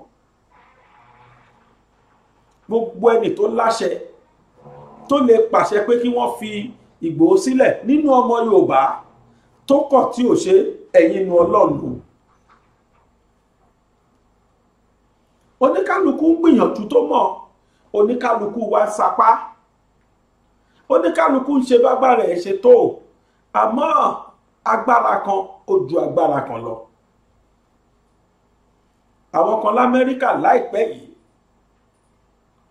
gbogbo ẹni tó láṣẹ tó lè pàṣẹ pé kí wọ́n fi Ìgbòho sílẹ̀ nínú ọmọ Yorùbá tó kọ̀ tí ò ṣe ẹ̀yìn nu Ọlọ́run oníkálukú ń gbìyànjú tó mọ̀ oníkálukú wa sapá oníkálukú ń ṣe bágbára ẹ̀ ṣe tó àmọ́ agbára kan ó ju agbára kan lọ àwọn kan lamẹ́ríkà láìpẹ́ yìí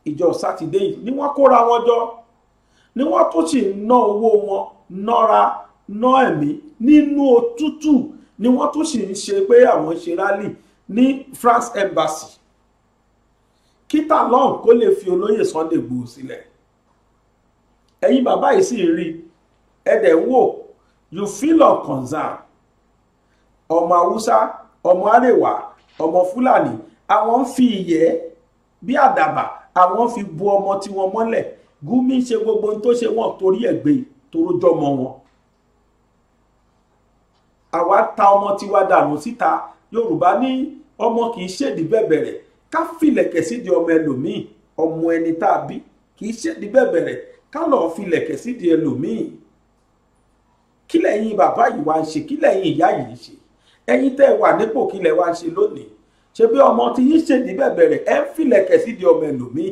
ìjọ sátidé yìí ni wọ́n kóra wọn jọ ni wọ́n tún sì ná owó wọn nọ́ra ná ẹ̀mí nínú òtútù ni wọ́n tún sì ń ṣe pé àwọn ṣe rálì ní France Embassy kíta lọ́hùn kó lè fi olóyè Sunday Igboho sílẹ̀ ẹ̀yin bàbá yìí sì rí ẹ̀dẹ̀ wò you feel of concern ọmọ haúsá ọmọ àrèwá ọmọ fúlàní àwọn ń fi ìyẹ́ bí àdàbà àwọn ń fi bu ọmọ tí wọ́n mọ́lẹ̀ Gumi ṣe gbogbo ohun tó ṣe wọ́n torí ẹ̀ gbé torójọ́ ọmọ wọn àwa ta ọmọ tiwa dànù síta Yorùbá ní ọmọ kì í ṣèdí bẹ̀bẹ̀rẹ̀ ká filẹ̀kẹ̀ sídìí ọmọ ẹlòmíì ọmọ ẹni tá a bí kì í ṣèdí bẹ̀bẹ̀rẹ̀ ká lọ́ọ́ filẹ̀kẹ̀ sídìí ẹlòmíì kílẹ̀ yín bàbá yìí wá ń ṣe kílẹ̀ yín ìyá yìí ń ṣe ẹ̀yin tẹ́ wà nípò kílẹ̀ wá ṣe lónìí ṣe bí ọmọ tí yín ṣe níbẹ̀ bẹ̀rẹ̀ ẹ̀ ń filẹ̀kẹ̀ sí di ọmọ ẹlòmíì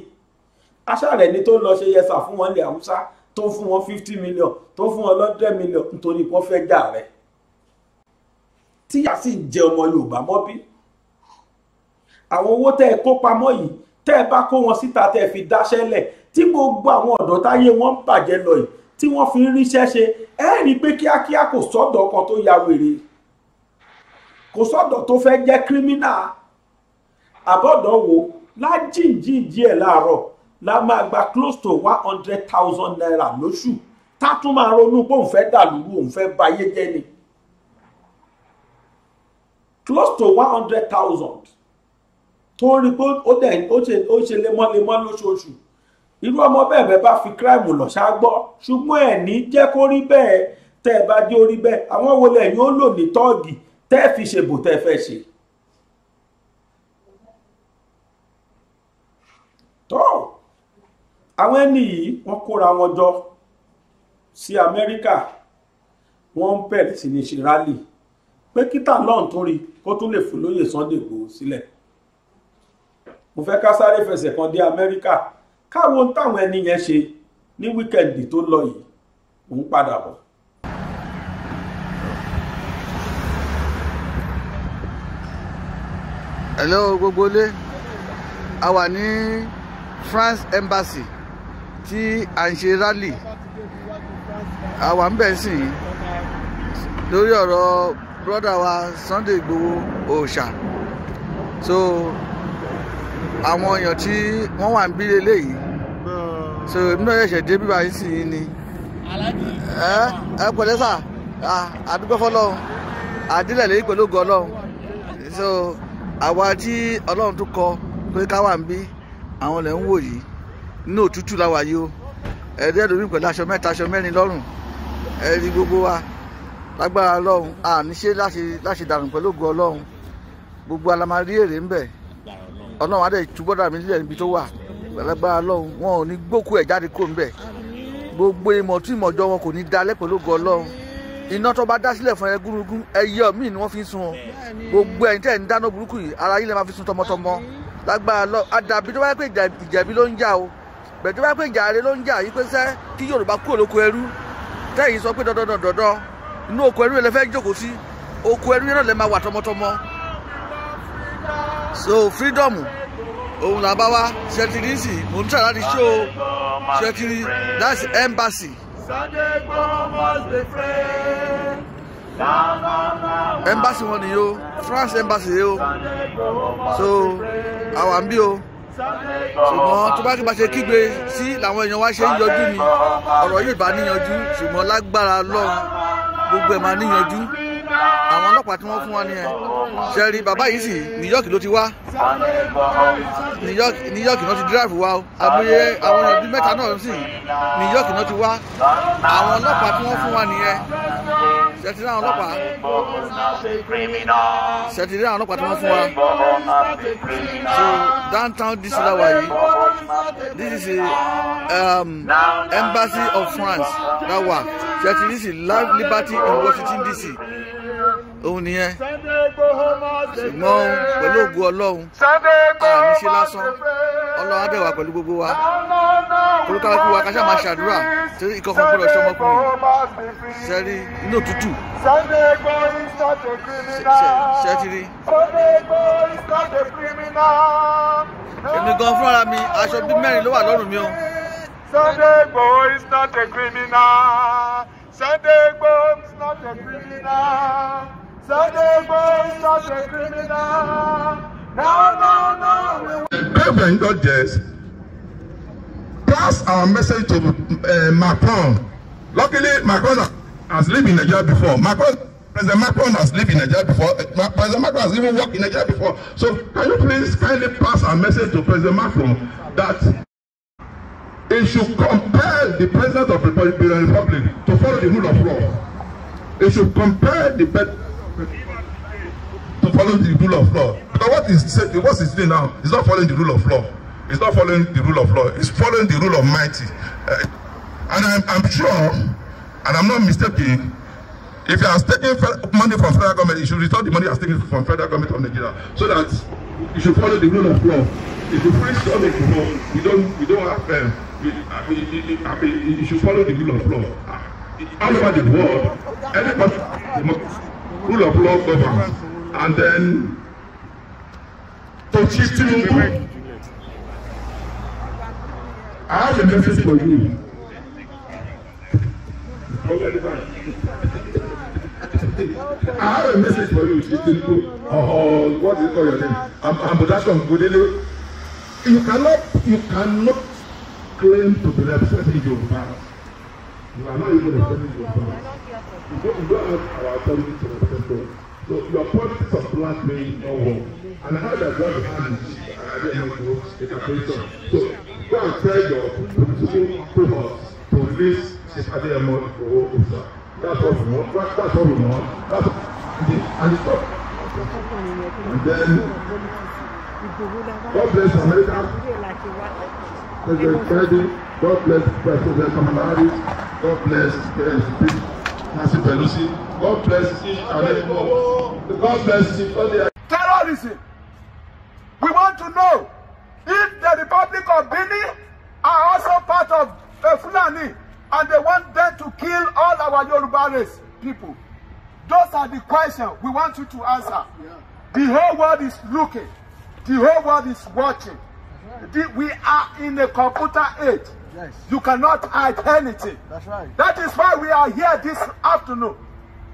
aṣáàrẹ̀ ni tó ń lọ ṣe yẹsà fún wọn ilẹ̀ haúsá tó fún wọn fifty million tó fún wọn lọ́dẹ̀ million nítorí wọ́n fẹ́ jà rẹ̀ tíyà sì jẹ ọmọ yorùbá mọ́ bí àwọn owó tẹ́ ẹ kó pamọ́ yìí tẹ́ ẹ bá kó wọn síta tẹ́ ẹ fi dáṣẹ́lẹ̀ tí gbogbo àwọn ọ̀dọ́ táyé wọn ń bàjẹ́ lọ yìí tí wọ́n fi ń ríṣẹ́ ṣe ẹ rí i pé kíákíá kò sọ́dọ̀ kan tó ya wèrè kò sọ́dọ̀ tó fẹ́ jẹ́ kírímínà àbọ̀dọ̀ wo lájìjìjì ẹ̀ láàárọ̀ la máa gba close to one hundred thousand naira lóṣù tá a tún máa ronú pé òun fẹ́ dàlúrú òun fẹ́ bayé jẹ́ ni close to one hundred thousand tó ń rí pé ó dẹ̀ ó ṣe lemọ́lemọ́ lóṣooṣù irú ọmọ bẹ́ẹ̀ bẹ́ẹ̀ bá fi kíráìmù lọ ṣáágbọ́ ṣùgbọ́n ẹ̀ ní jẹ́ kó rí bẹ́ẹ̀ tẹ́ ẹ bá dé orí bẹ́ẹ̀ àwọn wo lẹ́yìn ó lò ní tọ́ọ̀gì tẹ́ fi ṣe bò tẹ́ fẹ́ ṣe tọ́ àwọn ẹni yìí wọ́n kóra wọn jọ sí Amẹ́ríkà wọ́n ń bẹ̀rẹ̀ sí ní ṣe rálì pé kíta lọ́n tó rí kó tún lè fún lóyè Sunday Igboho sílẹ̀ mo fẹ́ ká sáré fẹsẹ̀ kan dé Amẹ́ríkà káwọn táwọn ẹni yẹn ṣe ní wíkẹ̀ndì tó lọ yìí òun padà bọ̀. hello gbogbo ilé a wà ní France Embassy tí à ń ṣe rally a wà ń bẹ̀ sí yìí lórí ọ̀rọ̀ brọ́dà wa Sunday Igboho òòṣà so àwọn èèyàn tí wọ́n wà ń bí eléyìí so èmi náà ṣẹ̀ṣẹ̀ dé bíbá yìí sì yìí ni ẹ ẹ pẹ̀lẹ́ sà àdúgbò fọlọ́run àdílẹ̀ lè pẹ̀lú gọ́ ọlọ́run so àwa tí ọlọ́run tún kọ pé ká wà ń bí àwọn lè ń wò yìí nínú òtútù láwa yìí o ẹ̀ẹ́dẹ́ lómi pẹ̀lú aṣọ mẹ́ta aṣọ mẹ́rin lọ́rùn ẹ̀rí gbogbo wa lágbára ọlọ́run àníṣe láṣẹ dànù pẹ̀lú ògùn ọlọ́run gbogbo alamari èrè ń bẹ̀ ọlọ́run adé túbọ̀dà mi nílẹ̀ níbi tó wà lágbára ọlọ́run wọn ò ní gbókù ẹ̀ jáde kó ń bẹ̀ gbogbo ìmọ̀ tún ìmọ̀jọ wọn kò ní dalẹ̀ pẹ̀lú ògùn ọlọ́run iná tó bá dá sílẹ̀ fún ẹ gúrugún míì ni wọ́n fi ń sun gbogbo ẹ̀yin tẹ̀ ń dáná burúkú yìí ara yín lè máa fi sun tọmọtọmọ lágbára lọ àdàbí tó bá pé ìjẹ̀bi ló ń jà o bẹ̀ẹ̀ tó bá pé ìjàre ló ń jà yìí pé sẹ́ kí Yorùbá kúrò lóko ẹrú tẹ́yìn sọ pé dandan dandan inú oko ẹrú yẹn lè fẹ́ jókòó sí oko ẹrú yẹn náà lè máa wà tọmọtọmọ so freedom òun làbá wa ṣẹtiri sí mò ń tà láti ṣó ṣẹtiri that's embassy embassy wọn nìyí o France embassy yo. so àwa ń bí o ṣùgbọ́n tó bá kí bá ṣe kígbe sí làwọn èèyàn wa ṣe ń yọjú ni ọ̀rọ̀ yìí bá níyanjú ṣùgbọ́n lágbára lọ́run gbogbo ẹ̀ máa níyanjú àwọn ọlọ́pàá tí wọ́n fún wa nìyẹn ṣe rí bàbá yìí sì New York ló ti wá New York New York náà ti drive wa o àbúyé àwọn èèyàn bíi mẹ́ta náà sì New York náà ti wá àwọn ọlọ́pàá tí wọ́n fún wa nìyẹn ṣe ti rí àwọn ọlọ́pàá ṣe ti rí àwọn ọlọ́pàá tí wọ́n fún wa so downtown dis lawa yìí this is the um, embassy of France lawa ṣe ti rí sí live liberty in Washington DC òun nìyẹn ṣùgbọ́n pẹ̀lú ògo ọlọ́run àmì ṣe lásán ọlọ́run adẹ́wà pẹ̀lú gbogbo wa olùkàlùkù wa ká máa ṣàdúrà torí ìkọ̀kan gbọ́dọ̀ ṣọmọkùnrin sẹ́rí inú òtútù sẹ́tìrí. èmi gan fúnra mi aṣọ bíi mẹ́rin ló wà lọ́rùn mi o. Sunday Igboho is not a criminal. Sunday Igbo's not a criminal. Sunday Igbo's not a criminal. No, no, no. Brethren, God Pass our message to uh, Macron. Luckily, Macron has lived in Nigeria before. Macron, President Macron has lived in Nigeria before. Eh, president Macron has even worked in Nigeria before. So can you please kindly pass our message to President Macron that it should compel the President of the Republic the rule of law. They should compare the best to follow the rule of law. But what is said, what is doing now It's not following the rule of law. It's not following the rule of law. It's following the rule of mighty. Uh, and I'm, I'm sure, and I'm not mistaken, if you are taking money from federal government, you should return the money you are taking from federal government of Nigeria so that you should follow the rule of law. If you fully follow the law, we don't, we don't have, uh, we, I mean, I mean, you should follow the rule of law all over the world, everybody rule of law governance, and then to chief Tinubu. I have a message for you. I have a message for you, Chief Tinubu. Oh, what do you call your name? I'm Ambudashon Godele. You cannot, you cannot claim to be representing Yoruba. You are not even extending your plans. You don't, you don't have our authority to respect them. So your policies of black may not work. And how does that hand is I don't know it's operation. So go and tell your political cohorts to release the Adeyemo Igboho Osa. That's what we want. That's, that's what we want. That's And stop. And then God bless America. President Kennedy, God bless President Kamala God bless President Nancy Pelosi, God bless each God bless Terrorism. We want to know if the Republic of Benin are also part of uh, Fulani and they want them to kill all our Yoruba race people. Those are the questions we want you to answer. The whole world is looking. The whole world is watching we are in a computer age. Yes. You cannot hide anything. That's right. That is why we are here this afternoon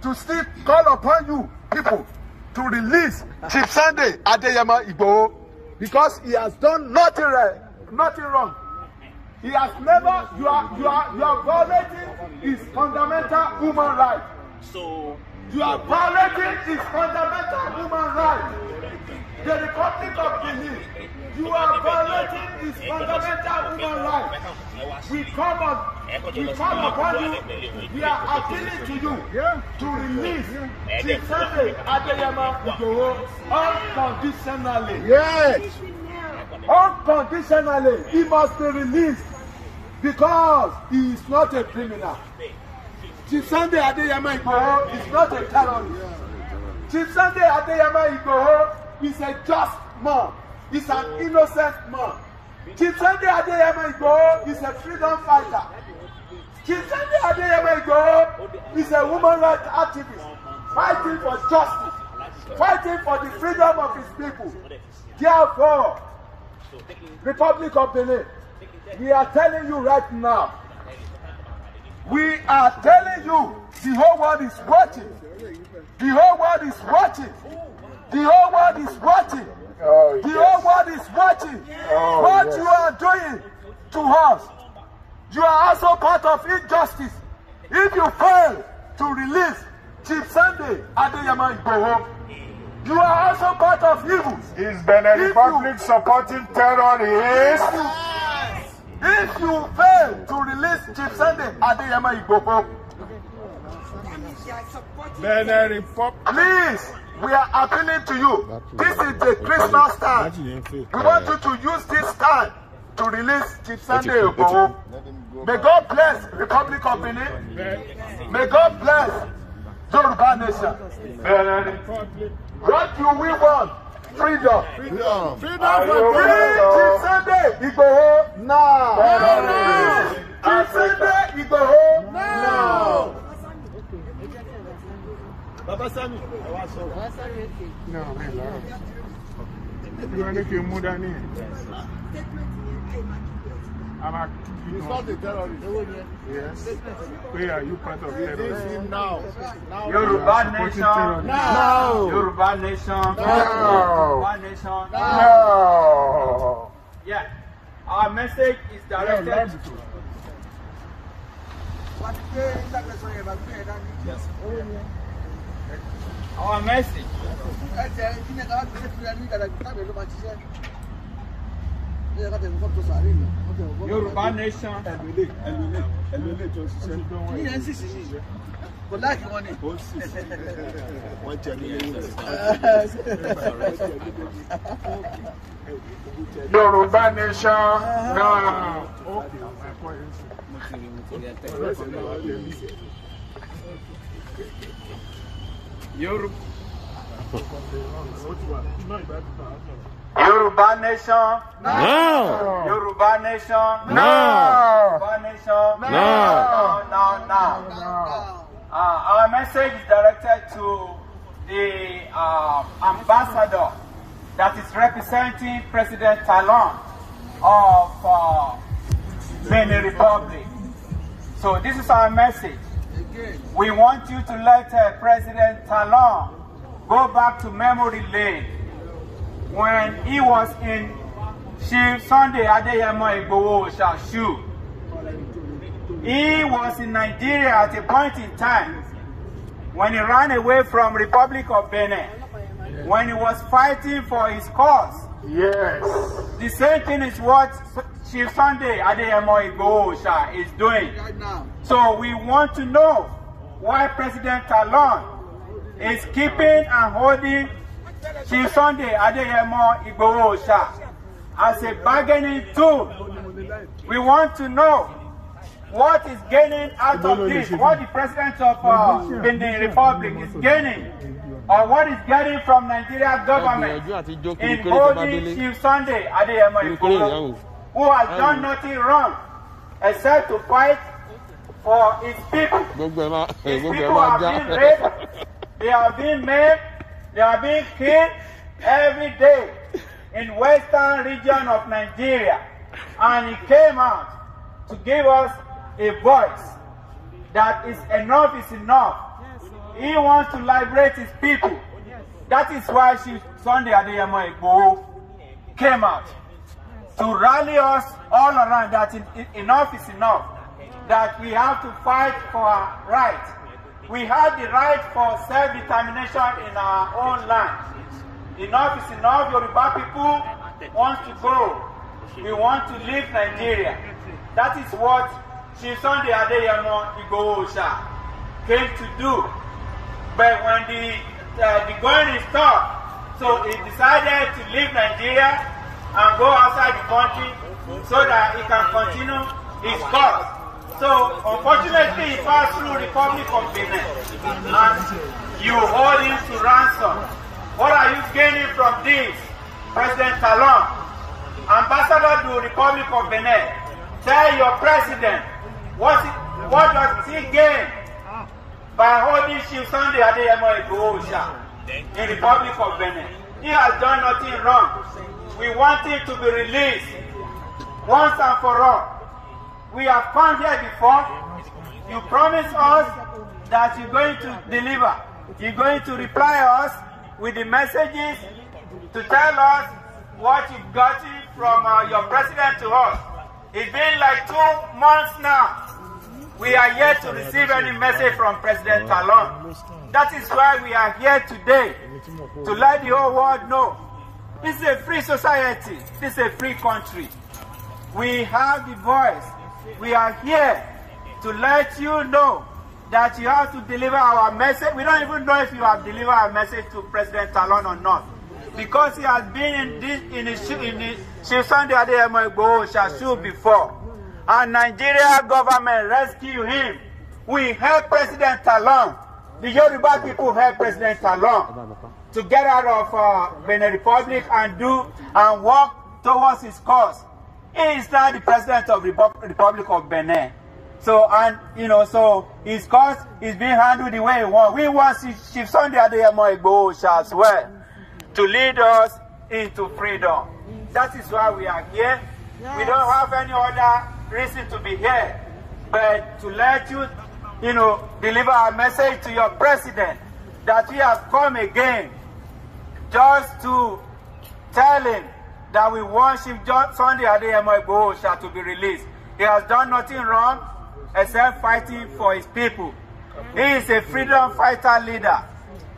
to still call upon you people to release *laughs* Chief Sunday Adeyemo Igboho because he has done nothing right, nothing wrong. He has never you are you are you are violating his fundamental human right. So you are violating his fundamental human right. The Republic of Benin You are violating this fundamental human right. We come on, we come upon you. We are appealing to you to release Chieftain Adeyemo Igboho unconditionally. Yes. Unconditionally, he must be released because he is not a criminal. Chief Sunday Adeyemo is not a terrorist. Chief Sunday Adeyemo is a just man. is an innocent man. Chitunde Adeyemo Igboho is a freedom fighter. Chitunde Adeyemo Igboho is a woman rights activist fighting for justice, fighting for the freedom of his people. Therefore, Republic of Benin, we are telling you right now, we are telling you, the whole world is watching. The whole world is watching. The whole world is watching. Oh, the yes. whole world is watching oh, what yes. you are doing to us. You are also part of injustice. If you fail to release Chief Sunday Adeyama Igboho, you are also part of evil. Is Benin Republic supporting terror? Yes. If you fail to release Chief Sunday Adeyama Igboho, Benin Republic. Please. We are appealing to you. This is the Christmas time. We want you to use this time to release Chief Sunday May God bless Republic of Benin. May God bless Yoruba Nation. What do we want? Freedom. Freedom. Freedom. Chief Sunday Igboho now. Chief Sunday Igboho now. Baba Sami, ẹ wá sọ̀rọ̀. Baba Sami ẹ ti. Ní àwọn ẹ̀ lọ́rọ̀. Ìlú ẹni kì í mú dání. I'm a you know, the terrorist. Yes. Where are you part of it? This him now. now. Yoruba nation. Now. now. Yoruba nation. Now. Yoruba nation. Now. Yeah. Our message is directed. Yeah, yes. yeah àwọn mẹ́sì. ẹsẹ̀ kí ni ká tẹ̀lé fúlẹ̀ ní ìdàgbà tábìlì ló máa ṣiṣẹ́. ẹ yẹ ká tẹ̀lé fọ́tò sàárè mi. Yorùbá nation. ẹlòlè ẹlòlè ẹlòlè tó ń ṣiṣẹ́. kí ni ẹ ń sì sí yìí kò láàkì wọn ni. ó sì sí wọn jẹ ní ewu rẹ. Yorùbá nation náà. Thank you. Yoruba. Yoruba nation. No. Yoruba nation. No. Yoruba nation. No. No. No. no. Uh, our message is directed to the uh, ambassador that is representing President Talon of uh, Benin Republic. So this is our message. We want you to let uh, President Talon go back to memory lane when he was in Chief Sunday Adeyemo Igboho Shashu. He was in Nigeria at a point in time when he ran away from Republic of Benin, when he was fighting for his cause. Yes. The same thing is what Chief Sunday Adeyemo Igboho is doing. So we want to know why President Talon is keeping and holding Chief Sunday Adeyemo Igboho as a bargaining tool. We want to know what is gaining out of this, what the president of uh, Benin Republic is gaining, or what is getting from Nigeria government in holding Chief Sunday Adeyemo Igboho who has done nothing wrong except to fight for his people. His people are being raped, they are being maimed, they are being killed every day in western region of Nigeria. And he came out to give us a voice that is enough is enough. He wants to liberate his people. That is why she, Sunday Adeyemo Igboho came out to rally us all around that enough is enough, that we have to fight for our rights. We have the right for self-determination in our own land. Enough is enough. Yoruba people want to go. We want to leave Nigeria. That is what Chief Sunday Adeyemo Igboho Osha came to do. But when the, uh, the going is tough, so he decided to leave Nigeria and go outside the country so that he can continue his course. So, unfortunately, he passed through the Republic of Benin, and you hold him to ransom. What are you gaining from this, President Talon? Ambassador to the Republic of Benin, tell your president what, he, what does he gain by holding Shivsande Adeyemo Igboho Oòṣà in Republic of Benin. He has done nothing wrong. We want him to be released once and for all. We have come here before. You promised us that you're going to deliver. You're going to reply us with the messages to tell us what you've gotten from uh, your president to us. It's been like two months now. We are yet to receive any message from President Talon. That is why we are here today to let the whole world know this is a free society. This is a free country. We have the voice. We are here to let you know that you have to deliver our message. We don't even know if you have delivered our message to President Talon or not. Because he has been in this in the in the Shivsandi Adeyemo Shashu before. And Nigeria government rescued him. We help President Talon. The Yoruba people help President Talon to get out of uh, Benin Republic and do and work towards his cause. He is now the president of the Republic of Benin. So, and, you know, so his cause is being handled the way he wants. We want Chief Sunday Adeyemo Igboho as well to lead us into freedom. That is why we are here. Yes. We don't have any other reason to be here, but to let you, you know, deliver a message to your president that we have come again just to tell him that we worship John, Sunday Adeyemo Igboho to be released. He has done nothing wrong except fighting for his people. He is a freedom fighter leader.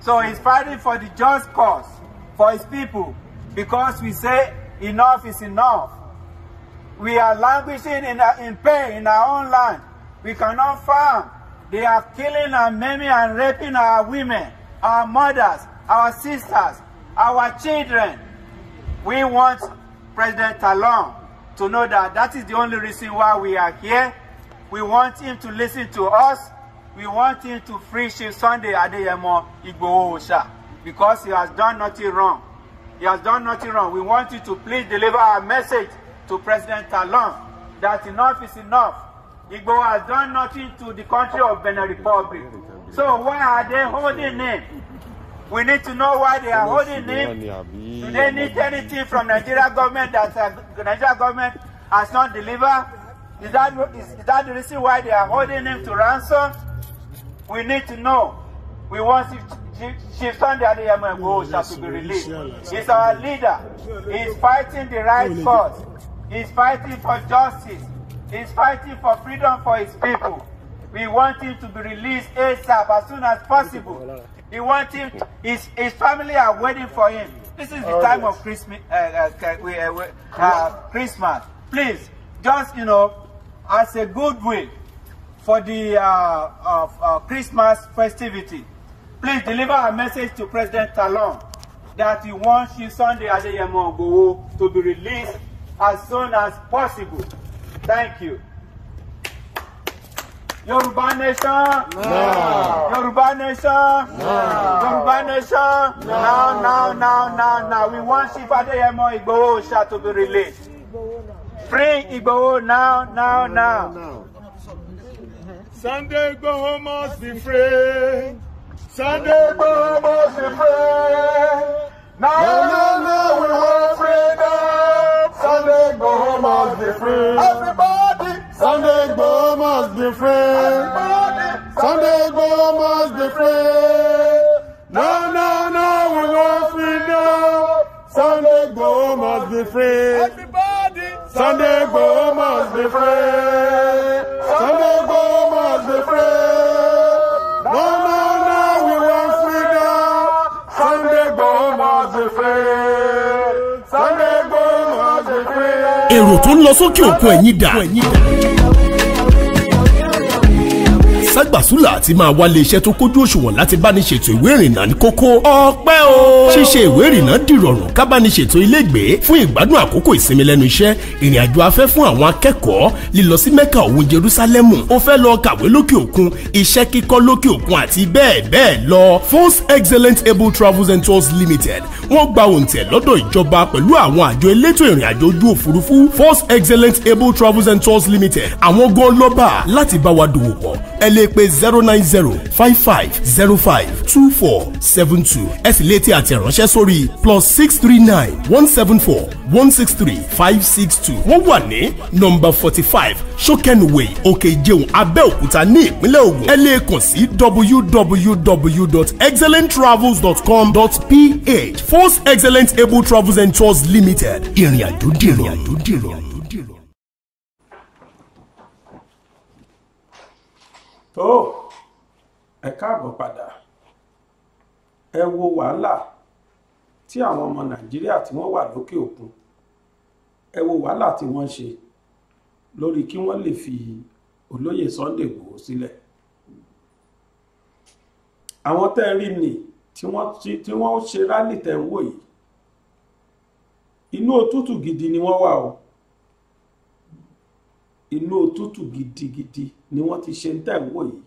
So he's fighting for the just cause, for his people, because we say enough is enough. We are languishing in, in pain in our own land. We cannot farm. They are killing and maiming and raping our women, our mothers, our sisters, our children. We want President Talon to know that that is the only reason why we are here. We want him to listen to us. We want him to free Chief Sunday Adeyemo Igboho Osha because he has done nothing wrong. He has done nothing wrong. We want you to please deliver our message to President Talon that enough is enough. Igbo has done nothing to the country of Benin Republic. So why are they holding him? We need to know why they are holding him. Do they need anything from Nigeria government that uh, Nigeria government has not delivered? Is that, is, is that the reason why they are holding him to ransom? We need to know. We want Chief Sunday Adeyemo shall to be released. He's our leader. He's fighting the right cause. He's fighting for justice. He's fighting for freedom for his people. We want him to be released ASAP as soon as possible. He wants him. His, his family are waiting for him. This is the oh, time yes. of Christmas. Uh, uh, uh, uh, uh, Christmas. Please, just you know, as a goodwill for the uh, of, Christmas festivity, please deliver a message to President Talon that he wants Sunday the Ogowo to be released as soon as possible. Thank you. Yoruba nation. Now. Yoruba nation. Now. Yoruba nation. Now, now, now, now, now. We want Chief Adeyemo Igboho Oosha to be released. Free Igboho now, now, now. Sunday Igboho must be free. Sunday Igboho must be free. Now, now, now, we want freedom. Sunday Igboho must be free. Everybody. Sunday go must be free. Sunday go must be free. No, no, no, we want freedom. Sunday go must be free. Everybody. Sunday go must be free. Sunday go must be free. No, no, no, we want freedom. Sunday go must be free. èrò tó ń lọ sókè òkun ẹ̀yìn dà ságbàsúlà àti máa wálé iṣẹ́ tó kójú òṣùwọ̀n láti báni ṣètò ìwé ìrìnnà ní kókó. ọpẹ́ o. ṣíṣe ìwé ìrìnnà dìrọ̀rùn ká báni ṣètò ilégbèé fún ìgbádùn àkókò ìsinmi lẹ́nu iṣẹ́ ìrìn àjò afẹ́ fún àwọn akẹ́kọ̀ọ́ lílọ sí mẹ́kà òun jerúsálẹ́mù ó fẹ́ lọ kàwé lókè òkun iṣẹ́ kíkọ́ lókè òkun àti bẹ́ẹ̀ bẹ́ẹ̀ lọ. Force Excellent Able Travels and Tours Limited wọ́n gba òǹtẹ̀ lọ́dọ̀ ìjọba pẹ̀lú àwọn àjọ elétò ìrìn àjò ojú Force Excellent Able Travels and Tours Limited àwọn gan lọ́ba láti bá wa dòwò pọ̀ ẹ lè pe zero nine zero five five zero five two four seven two ẹ sì lè tẹ àtẹ̀ránṣẹ́ sórí plus six three nine one seven four one six three five six two. wọ́n wà ní nọ́mbà forty five sọ́kẹ́nuwé òkè ìjẹun abẹ́òkúta ní ìpínlẹ̀ Ògùn ẹ lè kàn sí www.excellenttravels.com.ph Force Excellent Able Travels and Tours Limited ìrìn àjò dìrò. tó ẹ káàbọ̀ padà ẹ wo wàhálà tí àwọn ọmọ nàìjíríà tí wọ́n wà lókè òkun ẹ wo wàhálà tí wọ́n ṣe lórí kí wọ́n lè fi olóyè Sunday Igboho sílẹ̀ àwọn tẹ́ ẹ rí ni tí wọ́n ṣe rálì tẹ̀ ń wò yìí inú òtútù gidi ni wọ́n wà o inú òtútù gidigidi ni wọ́n ti ṣe ń tẹ̀ ń wò yìí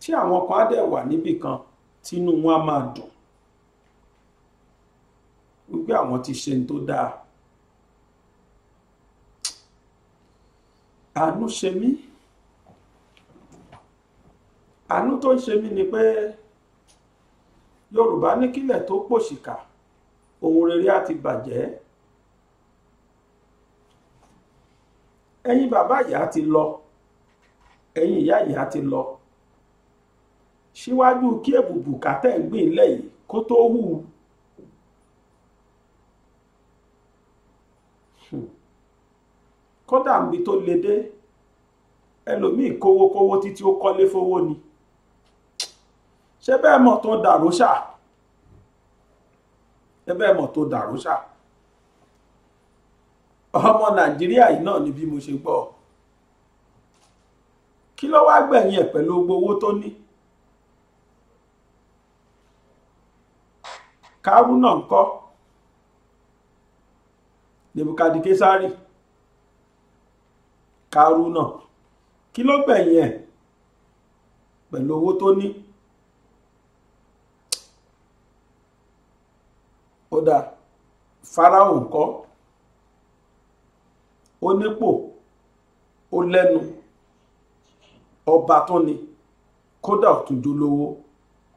tí àwọn kan á dẹ̀ wà níbì kan tínú wọn á máa dùn wípé àwọn ti ṣe ń tó dáa àánú ṣe mí àánú tó ń ṣe mí ni pé Yorùbá ní kílẹ̀ tó pòṣìkà ohun rere á ti bàjẹ́ ẹ̀yin bàbá ìyá ti lọ ẹ̀yin ìyá ìyá ti lọ síwájú kí èbùbù kátẹ́ ń gbìn lẹ́yìn kó tó hù hmm. kódà níbi tó le dé ẹlòmíì kówókówó títí ó kọ́lé fowó ni ṣé bẹ́ẹ̀ mọ̀ tó dàrú ṣáà ṣé bẹ́ẹ̀ mọ̀ tó dàrú ṣáà ọmọ nàìjíríà yìí náà ni bí mo ṣe gbọ́ kí ló wá gbẹ̀yìn ẹ̀ pẹ̀lú gbogbo owó tó ní kárúnà ńkọ́ nebukadi kesari kárúnà kí ló gbẹ̀yìn ẹ̀ pẹ̀lú owó tó ní ó dáa fáráhùn ńkọ́ ó nípò ó lẹ́nu ọba tó ni kódà òtúndólówó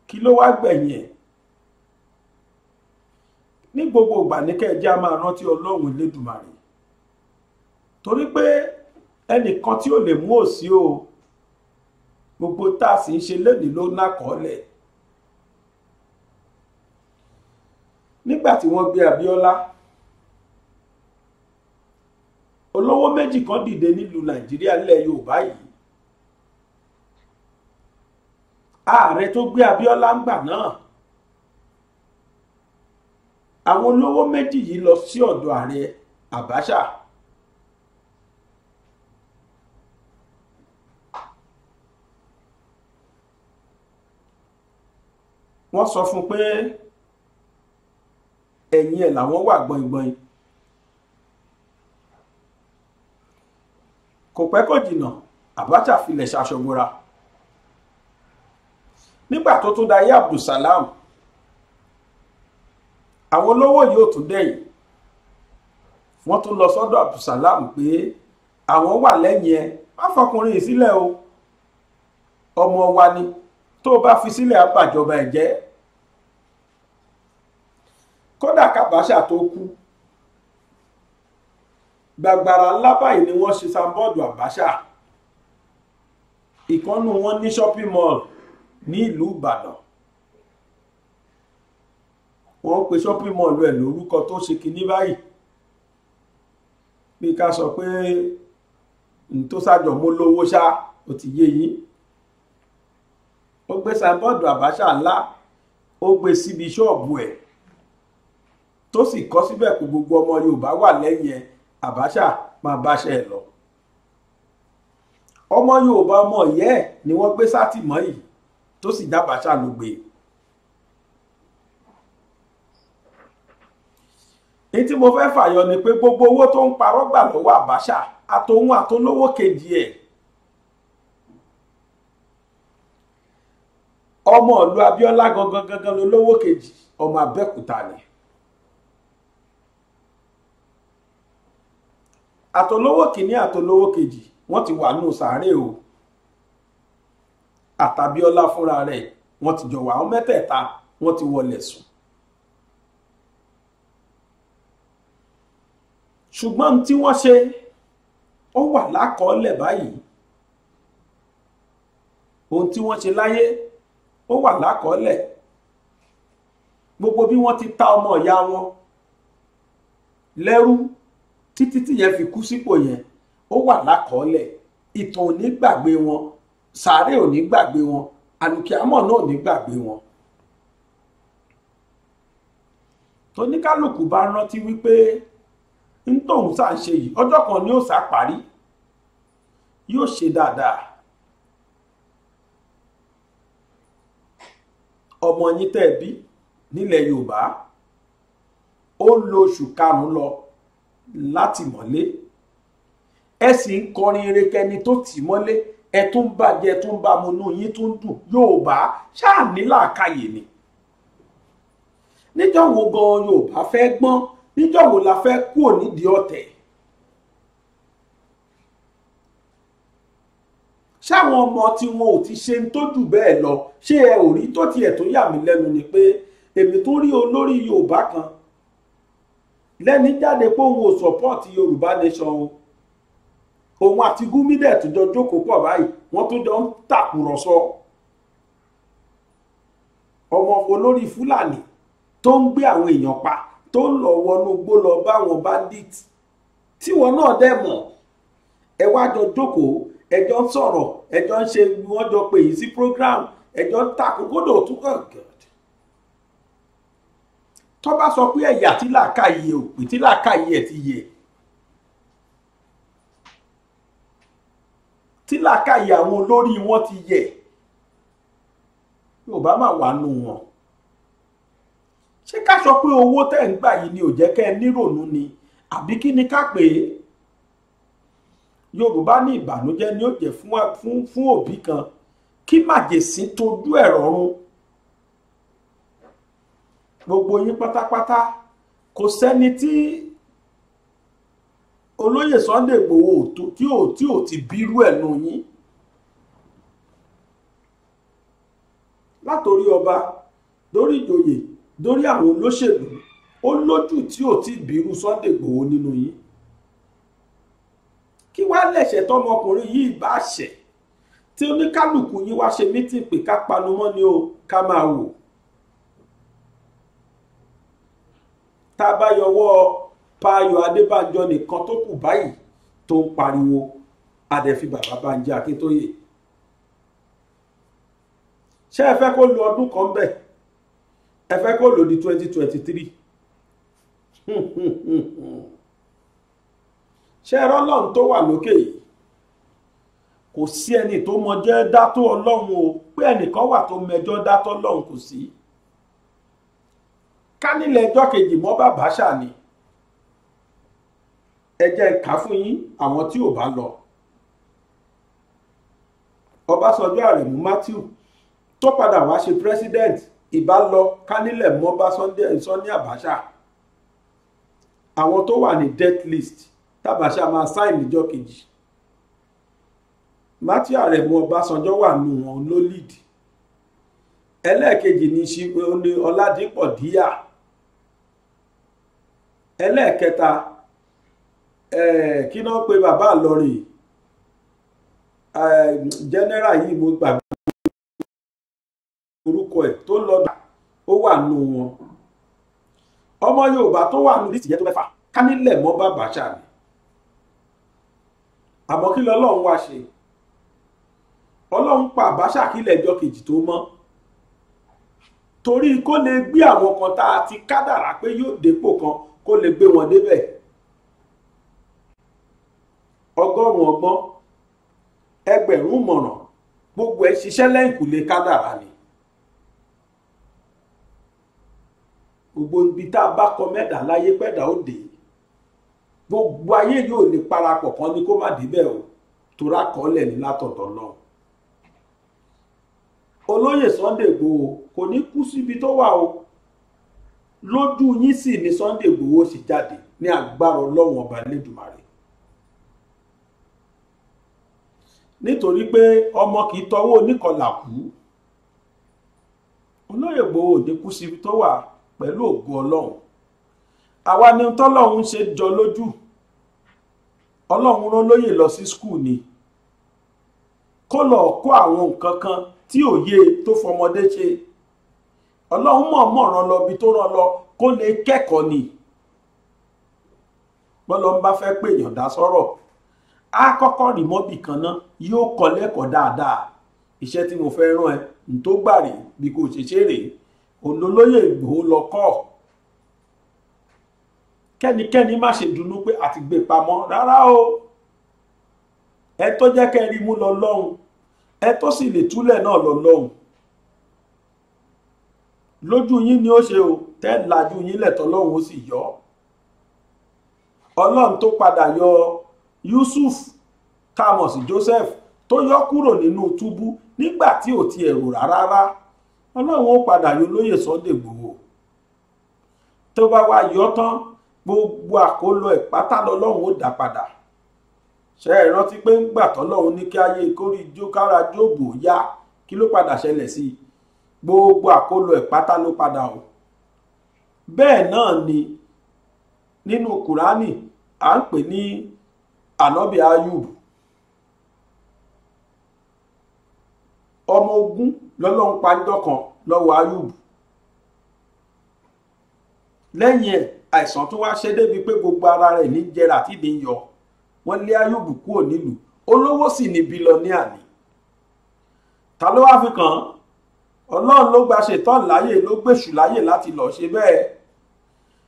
kí ló wá gbẹ̀yìn ẹ̀ ní gbogbo ìgbà ní kẹjá máa rántí ọlọ́run elédùmarè torí pé ẹnìkan tí ò lè mú òsí o gbogbo tá a sì ń ṣe lónìí ló ná kọ́lẹ̀ nígbà tí wọ́n gbé Abíọ́lá olówó méjì kan dìde nílùú nàìjíríà nílẹ̀ yorùbá yìí ààrẹ tó gbé abíọ́lá ń gbà náà àwọn olówó méjì yìí lọ sí ọ̀dọ̀ ààrẹ àbáṣà wọ́n sọ fún pé ẹ̀yìn ẹ̀ làwọn wà gbọ̀ngbọ̀n yìí kò pẹ́ kò jìnnà Abacha filẹ̀ ṣàṣọgbóra nígbà tó tún dayé Abdulsalam àwọn olówó yìí ò tún dẹ̀yìn wọ́n tún lọ sọ́dọ̀ Abdulsalam pé àwọn wà lẹ́yìn ẹ má fọkùnrin yìí sílẹ̀ o ọmọ wa ni tó o bá fi sílẹ̀ àbàjọba ẹ̀ jẹ́ kódà k'Abacha tó kú gbàgbàrà ńlá báyìí ni wọ́n ṣe sanbọ́ọ̀dù àbáṣà ìkọ́nù wọn ní shopping mall ní ìlú ìbàdàn wọ́n pe shopping mall rẹ̀ lórúkọ tó ṣe kinní báyìí bí ká sọ pé n tó ṣàjọ mú lówó ṣá ó ti yé yín ó gbé sanbọ́ọ̀dù àbáṣà ńlá ó gbé síbi ṣọ́ọ̀bù ẹ̀ tó sì kọ́ síbẹ̀ pé gbogbo ọmọ yorùbá wà lẹ́yìn ẹ̀ Abacha máa báṣẹ ẹ lọ ọmọ Yorùbá ọmọ ìyá ẹ ni wọ́n gbé sátìmọ́yì tó sì dá Abacha ló gbé e. ní tí mo fẹ́ fàyọ ni pé gbogbo owó tó ń parọ́ gbà lọ́wọ́ Abacha àtòun àtolówó kejì ẹ̀ ọmọ ìlú Abíọ́lá gangan gangan lolówó kejì ọmọ Abẹ́òkúta ni àtolówó kìíní àtolówó kejì wọ́n ti wà nù sàárè o àtàbíọ́lá fúnra rẹ̀ wọ́n ti jọ wà àwọn mẹ́tẹ̀ẹ̀ta wọ́n ti wọlé sùn. ṣùgbọ́n tí wọ́n ṣe ó wà lákọọ́lẹ̀ báyìí ohun tí wọ́n ṣe láyé ó wà lákọọ́lẹ̀ gbogbo bí wọ́n ti ta ọmọ ìyá wọn lẹ́rú títí tíyẹn fi kú sípò yẹn ó wà lákọọ́lẹ̀ ìtàn ò ní gbàgbé wọn sàárè ò ní gbàgbé wọn àlùkìámọ̀ náà ò ní gbàgbé wọn. tóníkálùkù bá rántí wípé ń tóun sá ń ṣe yìí ọjọ́ kan ni ó sá parí yóò ṣe dáadáa. ọmọ yín tẹ́ bí nílẹ̀ yorùbá ó ń lo oṣù karùn-ún lọ látìmọ́lé ẹ sì ń kọrin erékẹni tó tì mọ́lé ẹ tó ń bàjẹ́ tó ń bàmú inú yín tó ń dùn Yorùbá ṣáà ní làákàyè ni níjọ́ wo gan Yorùbá fẹ́ gbọ́n níjọ́ wo la fẹ́ kúrò nídìí ọ̀tẹ̀ ṣáwọn ọmọ tí wọn ò ti ṣe ń tójú bẹ́ẹ̀ lọ ṣé ẹ ò rí tó tiẹ̀ tó yà mí lẹ́nu ni pé èmi tó rí olórí Yorùbá kan lẹ́ni jáde pé òun ò sọ́pọ́ọ̀tì yorùbá nation o òun àti Gumi dẹ̀ tó jọ jókòó pọ̀ báyìí wọ́n tó jọ ń tàkùrọ̀sọ ọmọ olórí fúlàní tó ń gbé àwọn èèyàn pa tó ń lọ wọnú gbó lọ bá àwọn bandit tí wọn náà dẹ̀ mọ̀ ẹ wá jọ jókòó ẹjọ́ sọ̀rọ̀ ẹjọ́ ń ṣe wọ́n jọ pè yín sí program ẹjọ́ ń tàkùrọ̀ kódò tún kàn kàn tó bá sọ pé ẹ̀yà tí làákàyè ò pé tí làákàyè ẹ̀ ti yẹ tí làákàyè àwọn olórí wọn ti yẹ yorùbá mà wà nù wọn ṣé ká sọ pé owó tẹ̀ ń gbà yìí ni ò jẹ́ kẹ́ ẹ níròònú ni àbí kí ni ká pè é yorùbá ní ìbànújẹ́ ni ó jẹ́ fún òbí kan kí màjèsín tójú ẹ̀rọ run gbogbo yín pátápátá kò sẹ́ni tí olóyè Sunday Igboho tí ò tí ò ti bírú ẹ̀ nù yín látòrí ọba dórí ìjòyè dórí àwọn olóṣèlú ó lójú tí ò ti bírú Sunday Igboho nínú yín kí wá lẹ̀ṣẹ̀ tọmọkùnrin yìí bá ṣẹ̀ tí oníkálukú yín wá ṣe mítìpì ká panu ni o ká máa wò. tá a bá yọwọ́ Páyọ̀ Adébánjọ nìkan tó kù báyìí tó ń pariwo adẹ̀fi bàbá Bánjí Akíntóyè ṣé ẹ fẹ́ kó lo ọdún kan bẹ́ẹ̀ ẹ fẹ́ kó lò di twenty twenty three *laughs* ṣé ẹ rọ́lọ́run tó wà lókè yìí kò sí ẹni tó mọjọ́ dátó ọlọ́run o pé ẹnìkan wà tó mẹjọ́ dátó ọlọ́run kò sí. Si ká nílẹ̀ ẹjọ́ kejì mọ́ bàbá ṣà ni ẹ jẹ́ ká fún yín àwọn tí ò bá lọ ọbásanjọ́ àrẹ̀mú matthew tó padà wá ṣe president ìbá lọ ká nílẹ̀ mọ́ bá Sunday Abacha àwọn tó wà ní death list tàbàṣà máa sign níjọ́ kejì matthew àrẹ̀mú ọbásanjọ́ wà nù wọn ló lead ẹlẹ́ẹ̀kejì ni ọládìpọ̀ díyà ẹlẹ́ẹ̀kẹta kí náà pe bàbá àlọ́rìn jẹ́nẹ́rà yìí mo gbàgbé orúkọ ẹ̀ tó lọ dà ó wà nù wọn ọmọ Yorùbá tó wà nù lítìjẹ́ tó fẹ́ fà kánilẹ̀ mọ́ bàbá ṣáàbì àmọ́ kí lọ́lọ́run wá ṣe ọlọ́run pa àbáṣà kílẹ̀ ẹjọ́ kejì tó mọ́ torí kó lè gbé àwọn kan tá a ti kádàrá pé yóò dépò kan kó lè gbé wọn débẹ̀ ọgọ́rùn-ún ọgbọ́n ẹgbẹ̀rún mọ̀ràn gbogbo ẹ̀ ṣiṣẹ́ lẹ́yìnkùlé kádàrá ni gbogbo ibi tá a bá kọ mẹ́ta láyé pẹ́ẹ́dà ó dé gbogbo ayé yóò ní parapọ̀ kan ní kó má débẹ̀ o torá kọ́lẹ̀ ní látọ̀dọ̀ náà olóyè Sunday Igboho kò ní kú síbi tó wà o lójú yín sì ni Sunday Igboho sì jáde ní agbára ọlọ́run ọba lẹ́dùnmarè nítorí pé ọmọ kì í tọwọ́ oníkọlà kú olóyè Igboho òde kú síbi tó wà pẹ̀lú ògo ọlọ́run àwa ni tọ́lọ́run ṣe jọ lójú ọlọ́run rán lóyè lọ sí skul ni kó lọ́ọ́ kó àwọn nǹkan kan tí òye tó fọmọdé ṣe ọlọ́run mọ̀ọ́mọ̀ ràn lọ ibi tó ràn lọ kó lè kẹ́kọ̀ọ́ ni bọ́lọ́ ń bá fẹ́ pè yàn dá sọ́rọ̀ á kọ́kọ́ rì mọ́bì kan ná yóò kọ́ lẹ́kọ̀ọ́ dáadáa iṣẹ́ tí mo fẹ́ rán ẹ n tó gbà rè bí kò ṣe ṣe rè olólóyè Ìgbòho lọ kọ́ kẹ́nikẹ́ni má ṣe dunnú pé àti gbé pamọ́ rárá o ẹ tó jẹ́ kẹ́rin mú lọ lọ́hùn ẹ tó sì lè túlẹ̀ náà lọ lọ́hùn lójú yín ni ó ṣe o tẹ́ lajú yín lẹ̀tọ́ lọ́hùn ó sì yọ ọlọ́run tó padà yọ Yusuf támọ̀ Joseph tó yọ kúrò nínú túbú nígbà tí ò ti ẹ̀rù rárá ọlọ́run ó padà yọ lóyè Sunday Igboho tó bá wá yọ tán gbogbo àkólọ ẹ̀ pátá lọ́lọ́run ó dá padà ṣe é rántí pé ń gbà tọ́lọ́run ní kí ayé ìkórè jókára jóòbò yá kí ló padà ṣẹlẹ̀ sí i gbogbo àkólọ ẹ̀ pátá ló padà o bẹ́ẹ̀ náà ni nínú kùránì à ń pè ní ànábì ayub ọmọ ogun lọ́lọ́run panijọ́ kan ayub lẹ́yìn ẹ̀ àìsàn tó wá ṣe débi pé gbogbo ara rẹ̀ ní jẹrà tíbi yọ wọ́n lé ayub kúrò nílùú olówó sì ní bílọ́níà ni ta ló wá fi kàn án ọlọ́run ló gba ṣetán láyè ló gbèṣù láyè láti lọ́ọ́ ṣe bẹ́ẹ̀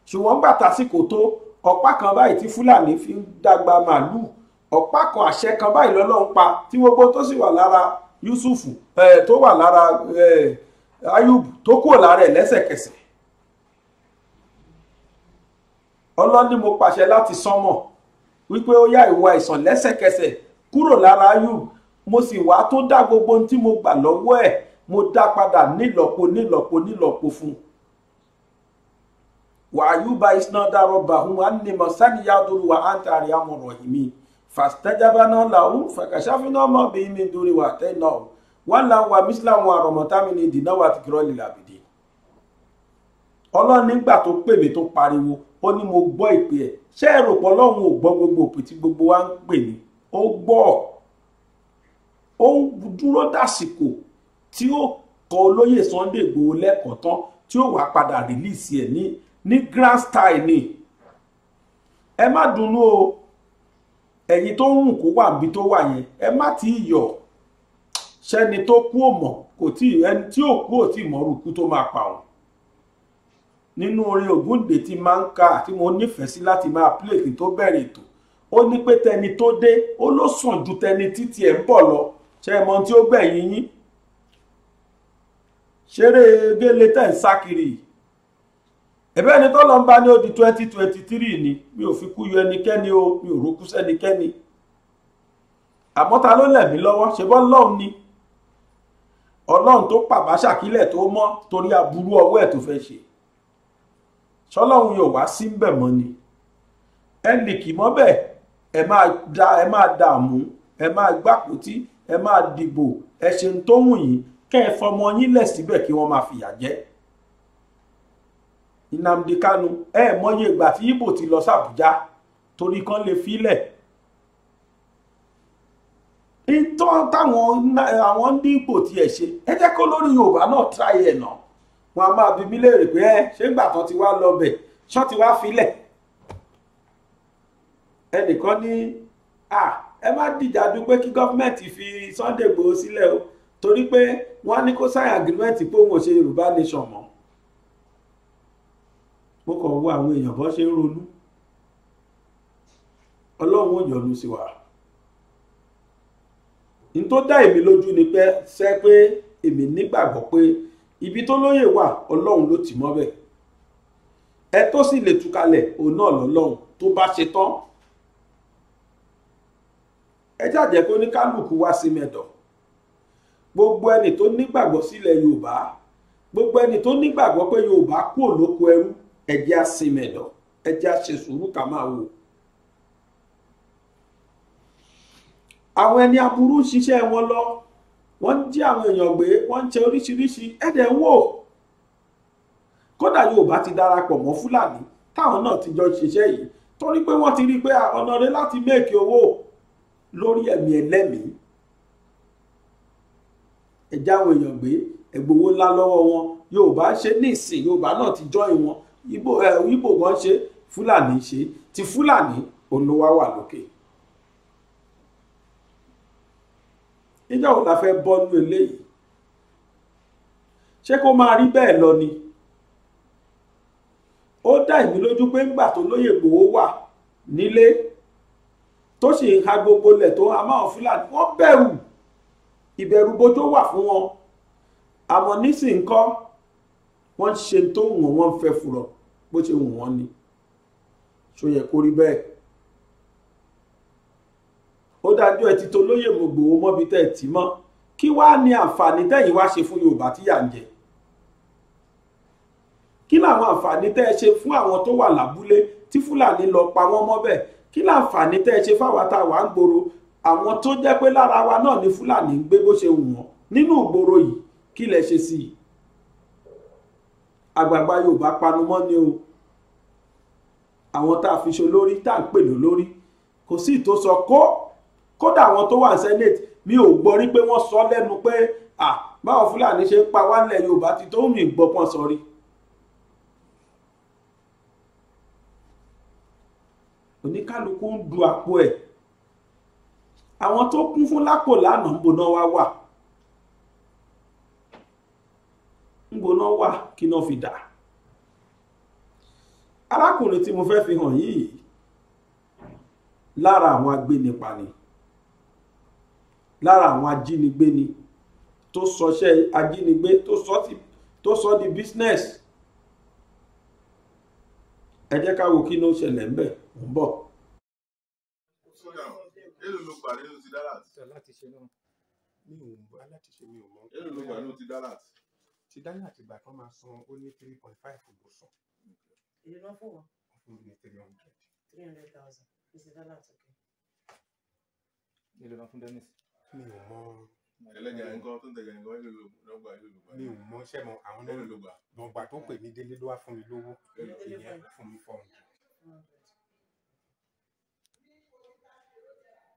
ṣùgbọ́n gbà tásìkò tó ọ̀pá kan báyìí tí fúlàní fi ń dàgbà màálù ọ̀pá kan àṣẹ kan báyìí lọ́lọ́run pa tí gbogbo tó sì wà lára yusuf tó wà lára ayub tó kúrò lára ẹ̀ lẹ́sẹ̀kẹsẹ̀ ọlọ́run ni mo pàṣẹ láti sánmọ̀ wípé ó yá ìwà àìsàn lẹ́sẹ̀kẹsẹ̀ kúrò lára ayub mo sì wá tó dá gbogbo ohun tí mo gbà lọ́wọ́ ẹ̀ mo dá padà nílọ́po nílọ́po nílọ́po fún un wàyúbà iná dárọ bàhùn ánìmọ saniyadúró wà ántàrí amọrọ ìmí fàsítẹjábá náà làwọn fàkàṣàfin náà mọ bí mi dúró wà tẹ náà wọn là wà mísílám wà rọmọtàmí ni dìnnà wà tìkìrọ lè làbìdì. ọlọ́run nígbà tó pè mí tó pariwo ó ní mo gbọ́ ìpè ẹ̀ ṣé ẹ̀rọ pọ̀ lọ́hùn ò gbọ́ gbogbo òpè tí gbogbo wa ń pè ní ó gbọ́ ó dúró dàsìkò tí ó kọ olóyè Sunday Igboho lẹ́kọ̀ọ́ tán tí ó wà padà rìlíìsì ẹ̀ ní ní grand style ni ẹ má dunnú o ẹ̀yin tó ń rùn kó wà níbi tó wà yẹn ẹ má tí ì yọ̀ ṣẹ́ni tó kú òmọ̀ kò tí ẹni tí ò kú ò tí mọ̀rú kú tó máa pa òun nínú orin Ògúndé tí máa ń ka tí mo nífẹ̀ẹ́ sí láti máa play kí n tó bẹ̀rẹ̀ ètò ó ní pé tẹni tó dé ó ló sàn ju tẹni títí ẹ̀ ń bọ̀ lọ ṣe é mọ tí ó gbẹ̀yìn yín ṣeré gẹ́lẹ́ tẹ̀ ń sá kiri ẹ̀bẹ́ ẹni tó lọ ń bá ní odi twenty twenty three ni mi ò fi kú yọ ẹnikẹ́ni o mi ò rókú sẹ́nikẹ́ni àmọ́ ta ló lẹ̀ mí lọ́wọ́ ṣe bọ́ lọ́hùn ni ọlọ́run tó pàbá ṣàkílẹ̀ tó mọ́ torí aburú ọwọ́ ẹ̀ tó fẹ́ ṣe ṣọlọ́run yóò wá sí bẹ̀ mọ́ ni ẹ lè kì mọ́ bẹ́ẹ̀ ẹ máa da ẹ máa dààmú ẹ máa gbàpótí ẹ máa dìbò ẹ ṣe ń tó wù yín kẹ́ ẹ fọmọ yín lẹ̀ síbẹ̀ kí wọ́n máa fìyà jẹ Nnamdi Kanu ẹ eh, mọyé ìgbà tí Ìgbò ti lọ sàbújá torí kan lè filẹ̀ ìtàn táwọn àwọn ní Ìgbò tiẹ̀ ṣe ẹ jẹ́ kó lórí Yorùbá náà tíráyé ẹ̀ náà wọn a máa bi mí léèrè pé ẹ ṣé ń gbà tán ti wá lọ bẹ̀ ṣọ́ ti wá filẹ̀ ẹnìkan ní à ẹ má dìjà dúpẹ́ kí gọ́fìmẹ̀ntì fi Sunday Igboho sílẹ̀ o torí pé wọ́n á ní kó sign agreement pé òun ò ṣe yorùbá nation mọ́ mo kàn wo àwọn èèyàn bó ṣe ń ronú ọlọ́run ò yọ́nú sí wa n tó dá èmi lójú ni pé ṣe pé èmi nígbàgbọ́ pé ibi tó lóye wà ọlọ́run ló tì mọ́bẹ̀ ẹ tó sì lè tú kalẹ̀ òun náà lọ́lọ́run tó bá ṣe tán ẹ jáde kó ní kálukú wá sí mẹ́dọ̀ọ́ gbogbo ẹni tó nígbàgbọ́ sílẹ̀ yorùbá gbogbo ẹni tó nígbàgbọ́ pé yorùbá kú òlóko ẹrú ẹjẹ́ àsìmẹ̀dọ̀ ẹjẹ́ àṣẹ sùúrù ká máa wò. àwọn ẹni aburú ń ṣiṣẹ́ wọn lọ wọ́n ń jí àwọn èèyàn gbé wọ́n ń ṣe oríṣiríṣi ẹ̀dẹ̀ ń wò kódà yorùbá ti darapọ̀ mọ́ fúlàní táwọn náà ti jọ ṣiṣẹ́ yìí torí pé wọ́n ti rí i pé ọ̀nà rẹ̀ láti méèkì owó lórí ẹ̀mí ẹlẹ́mìí ẹjẹ àwọn èèyàn gbé ẹgbowó ńlá lọ́wọ́ wọn yorùbá ṣe ní ìsìn yorùbá náà ti jọ́ ìwọ̀n ibo ẹ ibo gan ṣe fúlàní ṣe ti fúlàní olówá wà lókè. nígbà wo la fẹ́ bọ́nú eléyìí ṣé kó máa rí bẹ́ẹ̀ lọ ni ó dá ìmí lójú pé ńgbà tó lóye gbòó wà nílé tó sì ń ha gbogbo lẹ̀ tó ha máa fúlàní wọ́n bẹ̀rù ìbẹ̀rù bójó wà fún wọn àmọ́ nísìnyí kọ́ wọ́n ṣe tó wọ̀n wọ́n fẹ́ fùrọ̀ bó ṣe wù wọ́n ni ṣó yẹ kó rí bẹ́ẹ̀ ó dájú ẹ ti tó lóyè gbogbo mọ́bi tẹ́ ẹ tì mọ́ kí wàá ní àǹfààní tẹ́yìn wá ṣe fún Yorùbá tí yà ń jẹ kí làwọn àǹfààní tẹ́ ẹ ṣe fún àwọn tó wà lábúlé tí Fúlàní lọ pa wọ́n mọ́bẹ̀ kí làǹfààní tẹ́ ẹ ṣe fáwọn tá a àwọn tó jẹ́ pé lára wa náà ni fúlàní ń gbé bó ṣe wù wọ́n nínú ìgboro yìí kí lẹ ṣe sí i àgbààgbà yorùbá panumọ́ ni o àwọn tá a fi ṣe olórí tá a ń pè lólórí kò sí ìtò sọ kó kódà àwọn tó wà ní senate mi ò gbọ́ rí pé wọ́n sọ lẹ́nu pé à báwọn fúlàní ṣe ń pa wálẹ̀ yorùbá ti tó mi gbọ́pọ̀n sọ rí. oníkálukú ń du àpò ẹ̀ àwọn tó kún fún lápò lánàá ń boná wá wà ń boná wà kí náà fi dà arákùnrin tí mo fẹ́ fi hàn yìí lára àwọn agbénipa ni lára àwọn ajínigbé ni tó sọṣẹ́ ajínigbé tó sọ di business ẹ jẹ́ ká wo kí ló ṣẹlẹ̀ ń bẹ̀ ń bọ̀ èlò ló gbà nínú ti dalat. láti ṣe náà mi ò mọ láti ṣe mi ò mọ. èlò ló gbà nínú ti dalat. ti dalat ìgbà tó máa san ó ní three point five ló san. èyí lọ fún wọn. wọn fún mi ní three hundred. three hundred thousand ní ti dalat òkè. èlò lọ fún dennis. mi ò mọ ẹlẹ́jà nǹkan tó ń tẹ̀jà nǹkan ẹlò mi ò mọ iṣẹ́ mọ àwọn náà lọ́gbà tó pè mí délé ló wá fún mi lówó fún mi fọ́ọ̀mù.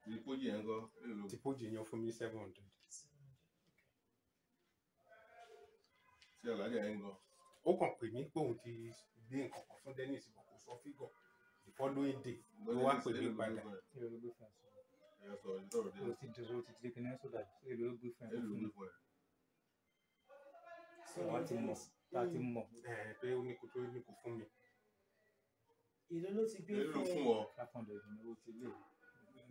Dìpọ́jì yẹn kọ́. Dìpọ́jì yẹn fún mi seven hundred. Ṣé àlàyé yẹn kọ́? Ó kàn pè mí pé òun ti gbé nǹkan kan fún Dennis bọ̀ kò sọ fígọ̀ the following ló wá pè mí padà. Mo ti dúró ti ti kí ní sódà èlò ló gbé fún ẹ. Ṣé wọ́n ti mọ̀? Ta ti mọ̀? Ẹ pé ó kò tó ní kò fún mi. Èlò ló ti gbé fún ọ. Five hundred ni owó ti lé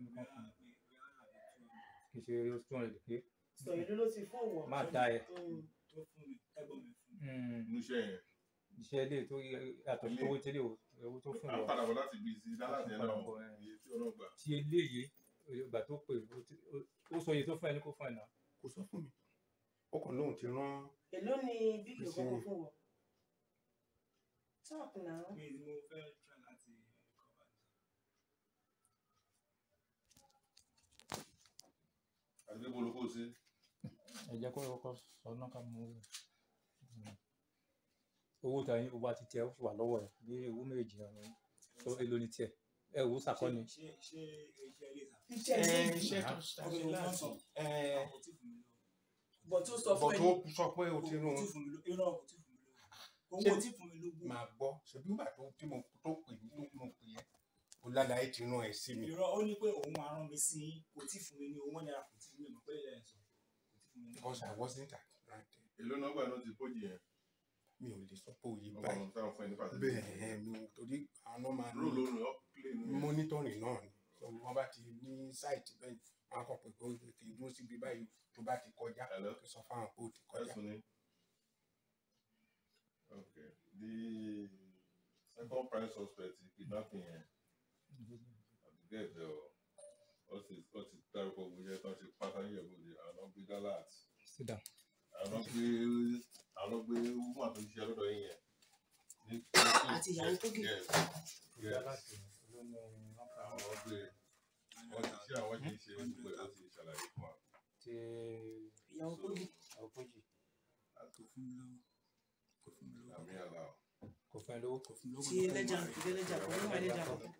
kì í ṣe eré two hundred k. sọ̀rọ̀ ló ti fún wọn. má da ẹ. níṣẹ́ yẹn. iṣẹ́ ilé tó yàtọ̀ sí owó tẹ́lẹ̀ owó tó fún wọn. a padà bọ̀ láti bí sí lálàjẹ́ náà iye tí ọlọ́run gbà. ti eléyìí ìgbà tó pè ó sọ iye tó fún ẹ ní kó fún ẹ náà. kò sọ fún mi ó kàn lóun ti rán. èló ni bíkì kọ́kọ́ fún wọn. talk now. mi ni mo fẹ́ try. Ou me àti pé bolokó sí. ẹ jẹ́ kó kọ́kọ́ sọ náà ká mú owó tàyín owó àti tiẹ̀ ó sì wà lọ́wọ́ ẹ̀ bí owó méjì náà ni tó èlò ní tiẹ̀ ẹ wò ó sàkọ́ni. ṣé ṣé iṣẹ́ ilé ìlà. iṣẹ́ tó ṣàṣe láti bọ̀ tó sọ fún ẹ bọ̀ tó sọ pé o ti rún un òun kò tí fún mi lógún. màá gbọ́ ṣèbí ìgbà tó pè mí lógún mo pè yẹn ó lálàyé ti rán ẹ sí mi. irọ́ ó ní pé òun máa rán mi sí kò tí fún mi ní owó náírà kò tí fún mi mọ̀ pé ìyá sọ kò tí fún mi. because I wasn't at right there. èló nọ́mbà náà ti pójì yẹn. mi ò lè sọ pé òye báyìí bẹ́ẹ̀ mi ò torí àwọn máa ní mọ́nítọ̀rì náà ni wọ́n bá ti ní sáìtì bẹ́ẹ̀ wọ́n á kọ̀ pé kò kì í dúró síbi báyìí tó bá ti kọjá kí sọ fáwọn pé ó ti kọjá. Okay. The second prime suspect is kidnapping bẹ́ẹ̀ bẹ́ẹ̀ o ó ti ó ti dárúkọ gbogbo yẹn tán ṣe pátá yẹ̀ bóde àwọn gbé dálàt àwọn gbé àwọn gbé wúmọ̀ tó ṣiṣẹ́ lọ́dọ̀ yín yẹn. àti ìyàwó tó gé. àwọn gbé wọ́n ti ṣe àwọn ṣe ṣe gbogbo ẹ̀ láti ṣàlàyé fún wa. ìyàwó tó gé. ìyàwó tó gé. kò fún mi lọ́wọ́ kò fún mi lọ́wọ́. àmì àlà o. kò fún mi lọ́wọ́ kò fún mi lọ́wọ́. tí ẹlẹ́jà kò ẹlẹ́jà kò fún mi lọ́wọ́.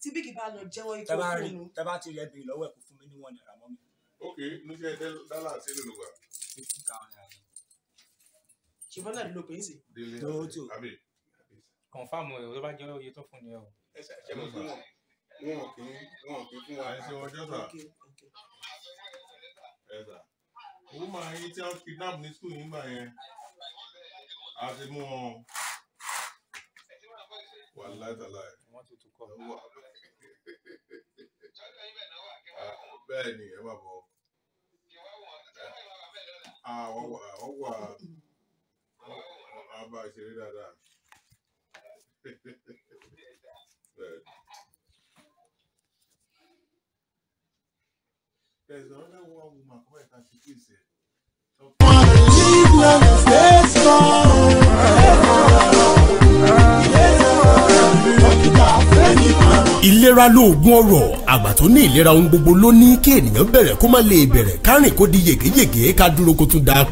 tí bíkì bá lọ jẹ́wọ́ ikú fún un. tẹ́bá ti rí ẹbí lọ́wọ́ ẹ̀ kó fún mi ní wọ́n náírà mọ́ mi. ok níṣẹ́ dálà sí ló wà. fifty thousand naira. ṣùgbọ́n náà ló pè é sí. tó tó kọ̀nfàmù ẹ̀ ló bá jẹ́ oye tó fún ni ẹ̀ o. ẹ ṣe mọ̀ fún wọn wọn kì í wọn kì í fún wa ẹ ṣe ọjọ́ sà ẹ sà owó máa yín tí wọn kidnap ní school yín gbà yẹn a ti mú wọn wà láìtàláì wọ́n ti tún kọ́. bẹ́ẹ̀ ẹ máa bọ̀. wọ́n wà á bá a ṣeré dáadáa. There's another one woman come and she please say. Eh? Leave love, stay strong. ìlera lóògùn ọrọ̀ àgbà tó ní ìlera ohun gbogbo ló ní kí ènìyàn bẹ̀rẹ̀ kó má lè bẹ̀rẹ̀ kárìn kó di yègéyègé ká dúró kó tún dáa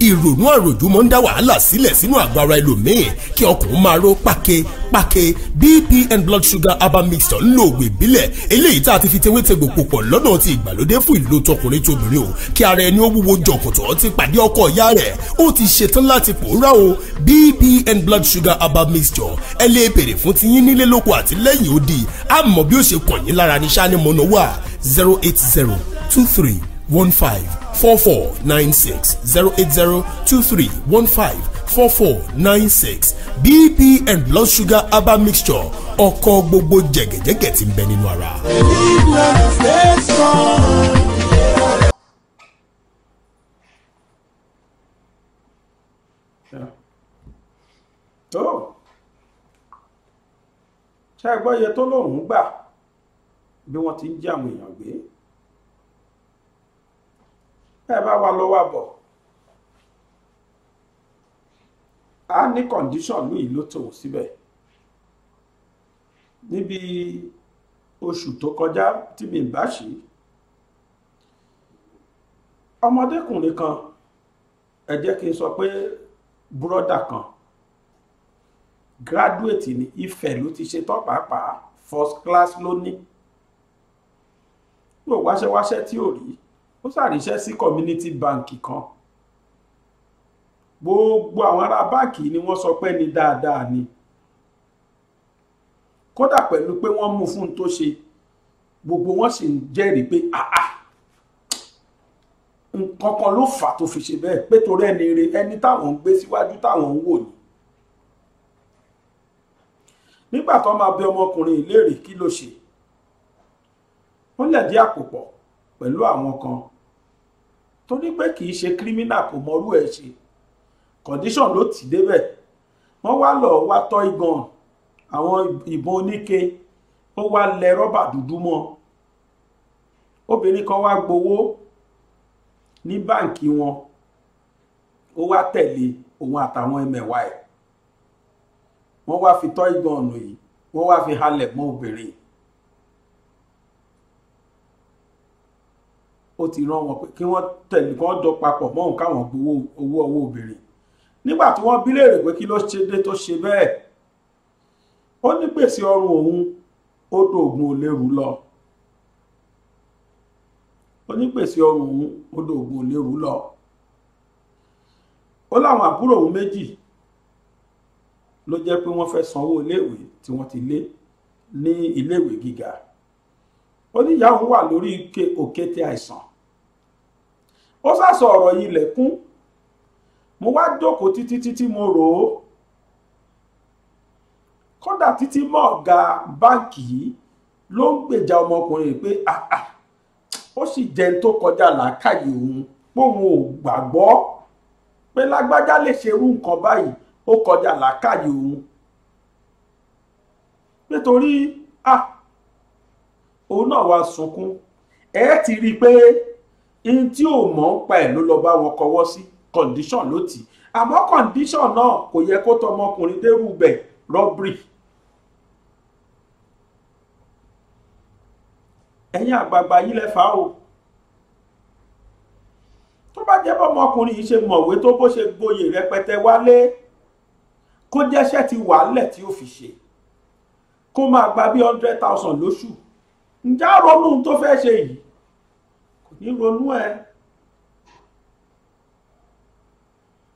ìrònú àròjù mọ́ ń dá wàhálà sílẹ̀ sínú àgọ́ ara ẹlòmíì kí ọkùnrin máa ró pàkè pàkè bp and blood sugar herbal mixture ń lo oògùn ìbílẹ̀ eléyìí tá a ti fi tewétegbò pòpọ̀ lọ́nà ti ìgbàlódé fún ìlò tọkùnrin tóbìnrin o kí ara ẹni ó wúwo jọ̀kọ̀tọ̀ ti pàdé ọkọ ìyá rẹ̀ ó ti ṣetán láti pòórá o bp and blood sugar herbal mixture ẹ lè béèrè fún tiyín nílé lóko àti lẹ́yìn odi àmọ́ bí ó ṣe kàn yín lára ní ṣá Abẹ́òkúta ni mò ń wà zero eight zero two three one five four four nine six zero eight zero two three one five four four nine six bp and blood sugar herbal mixture ọkọ gbogbo jẹ̀gẹ̀jẹ̀gẹ̀ tí ń bẹ nínú ara. ṣe é gbọ́ iye tó lóun gbà bí wọ́n ti ń jí àwọn èèyàn gbé bẹ́ẹ̀ bá wa lọ́wọ́ àbọ̀ a ní kọ̀ǹdíṣọ̀n lóyìn ló tò síbẹ̀ níbi oṣù tó kọjá tí mi bá ṣí ọmọdékùnrin kan ẹ jẹ́ kí n sọ pé búrọ́dà kan graduate ni Ifẹ̀ ló ti ṣe tán pàápàá first class ló ní ló wáṣẹ́wáṣẹ́ tí ò rí ó ṣàríṣẹ́ sí community bank kan gbogbo àwọn ará báǹkì ni wọ́n sọ pé ní dáadáa ni kódà pẹ̀lú pé wọ́n mú fún un tó ṣe gbogbo wọn sì ń jẹ́rìí pé àà nǹkan kan ló fà tó fi ṣe bẹ́ẹ̀ pé torí ẹni rẹ ẹni táwọn ń gbé síwájú táwọn ń wò ni nígbà tó máa bẹ ọmọkùnrin ìlérè kí ló ṣe wọ́n lẹ̀dí àpò pọ̀ pẹ̀lú àwọn kan torí pé kì í ṣe kírímínà kò mọrú ẹ̀ ṣe kọ̀díṣàn ló tì débẹ̀ wọ́n wá lọ wá tọ́ igan àwọn ìbọn oníke ó wá lẹ rọ́bà dúdú mọ́ obìnrin kan wá gbowó ní báǹkì wọn ó wá tẹ̀lé òun àtàwọn ẹmẹ̀wà ẹ̀ wọ́n wá fi tọ́ igan ọ̀nà yìí wọ́n wá fi halẹ̀ mọ́ obìnrin yìí ó ti rán wọn pé kí wọ́n tẹ̀lé kọ́ jọ papọ̀ mọ́ òun káwọn gbowó owó ọwọ́ obìnrin nígbà tí wọ́n bí léèrè pé kí ló ṣe dé tó ṣe bẹ́ẹ̀ ó ní gbèsè ọrùn òun ó dòògùn olérù lọ ó ní gbèsè ọrùn òun ó dòògùn olérù lọ ó láwọn àbúrò òun méjì ló jẹ́ pé wọ́n fẹ́ sanwó iléèwé tí wọ́n ti lé ní iléèwé gíga. oníyàwó wà lórí òkété àìsàn ó sàsọ ọ̀rọ̀ yìí lẹ̀kún mo wá jókòó títí títí mo rò ó kódà títí mọ́ ọ̀gá báǹkì yìí ló ń gbèjà ọmọkùnrin pé àà ah, ah, ó sì jẹ tó kọjá làákàyè òun póun ò pé lágbájá lè òun nítorí ah, òun náà wá sunkún ẹ ti rí i pé n tí ò mọ̀ ń pa ẹ̀ ló lọ bá wọn kọwọ́ sí condition ló tì àmọ́ condition náà kò yẹ kó tọmọkùnrin dérú bẹ̀ rọ́bìrì. ẹ̀yin àgbààgbà yìí lẹ́fà o tó bá jẹ́ bọ́ ọmọkùnrin yìí ṣe mọ̀wé tó bó ṣe gboyè rẹpẹtẹ wálé kó jẹ́ṣẹ́ ti wàálẹ̀ tí ó fi ṣe kó máa gba bí hundred thousand lóṣù ǹjẹ́ á ronú tó fẹ́ ṣe yìí kò ní ronú ẹ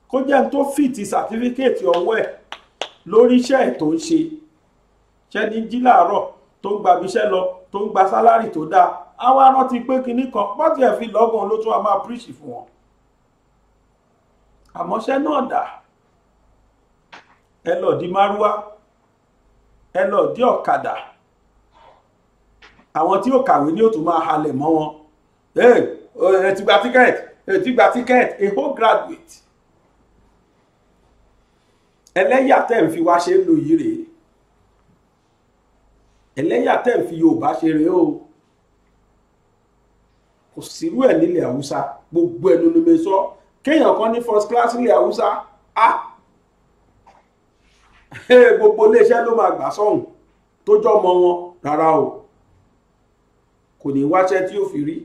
kó jẹ́ tó fìtì sàtífíkẹ́ẹ̀tì ọwọ́ ẹ̀ lórí iṣẹ́ ẹ̀ tó ń ṣe ṣẹ́ ní jí làárọ̀ tó ń gba ibiṣẹ́ lọ tó ń gba sálárì tó dáa àwa rántí pé kinní kan pọ́tì ẹ̀ fi lọ́gùn ló tún wa máa píríṣì fún wọn àmọ́ṣẹ́ náà dà ẹ lọ márúwá ẹ lọ ọ̀kadà àwọn tí ò kàwé ní òtún máa halẹ̀ mọ́ wọn eh, ẹ ti gba tíkẹ́ẹ̀tì ẹ ti gba tíkẹ́ẹ̀tì a whole graduate ẹlẹ́yà tẹ̀ ń fi wá ṣe ń lo yìí rèé ẹlẹ́yà tẹ̀ ń fi Yorùbá ṣe rèé o kò sírú ẹ̀ nílẹ̀ Haúsá gbogbo ẹnu ni mo sọ kéèyàn kan ní first class nílẹ̀ Haúsá ah gbogbo iléeṣẹ́ ló máa gbà sọ́hùn tó jọ́ mọ́ wọn rárá o kò ní wáṣẹ́ tí ó fi rí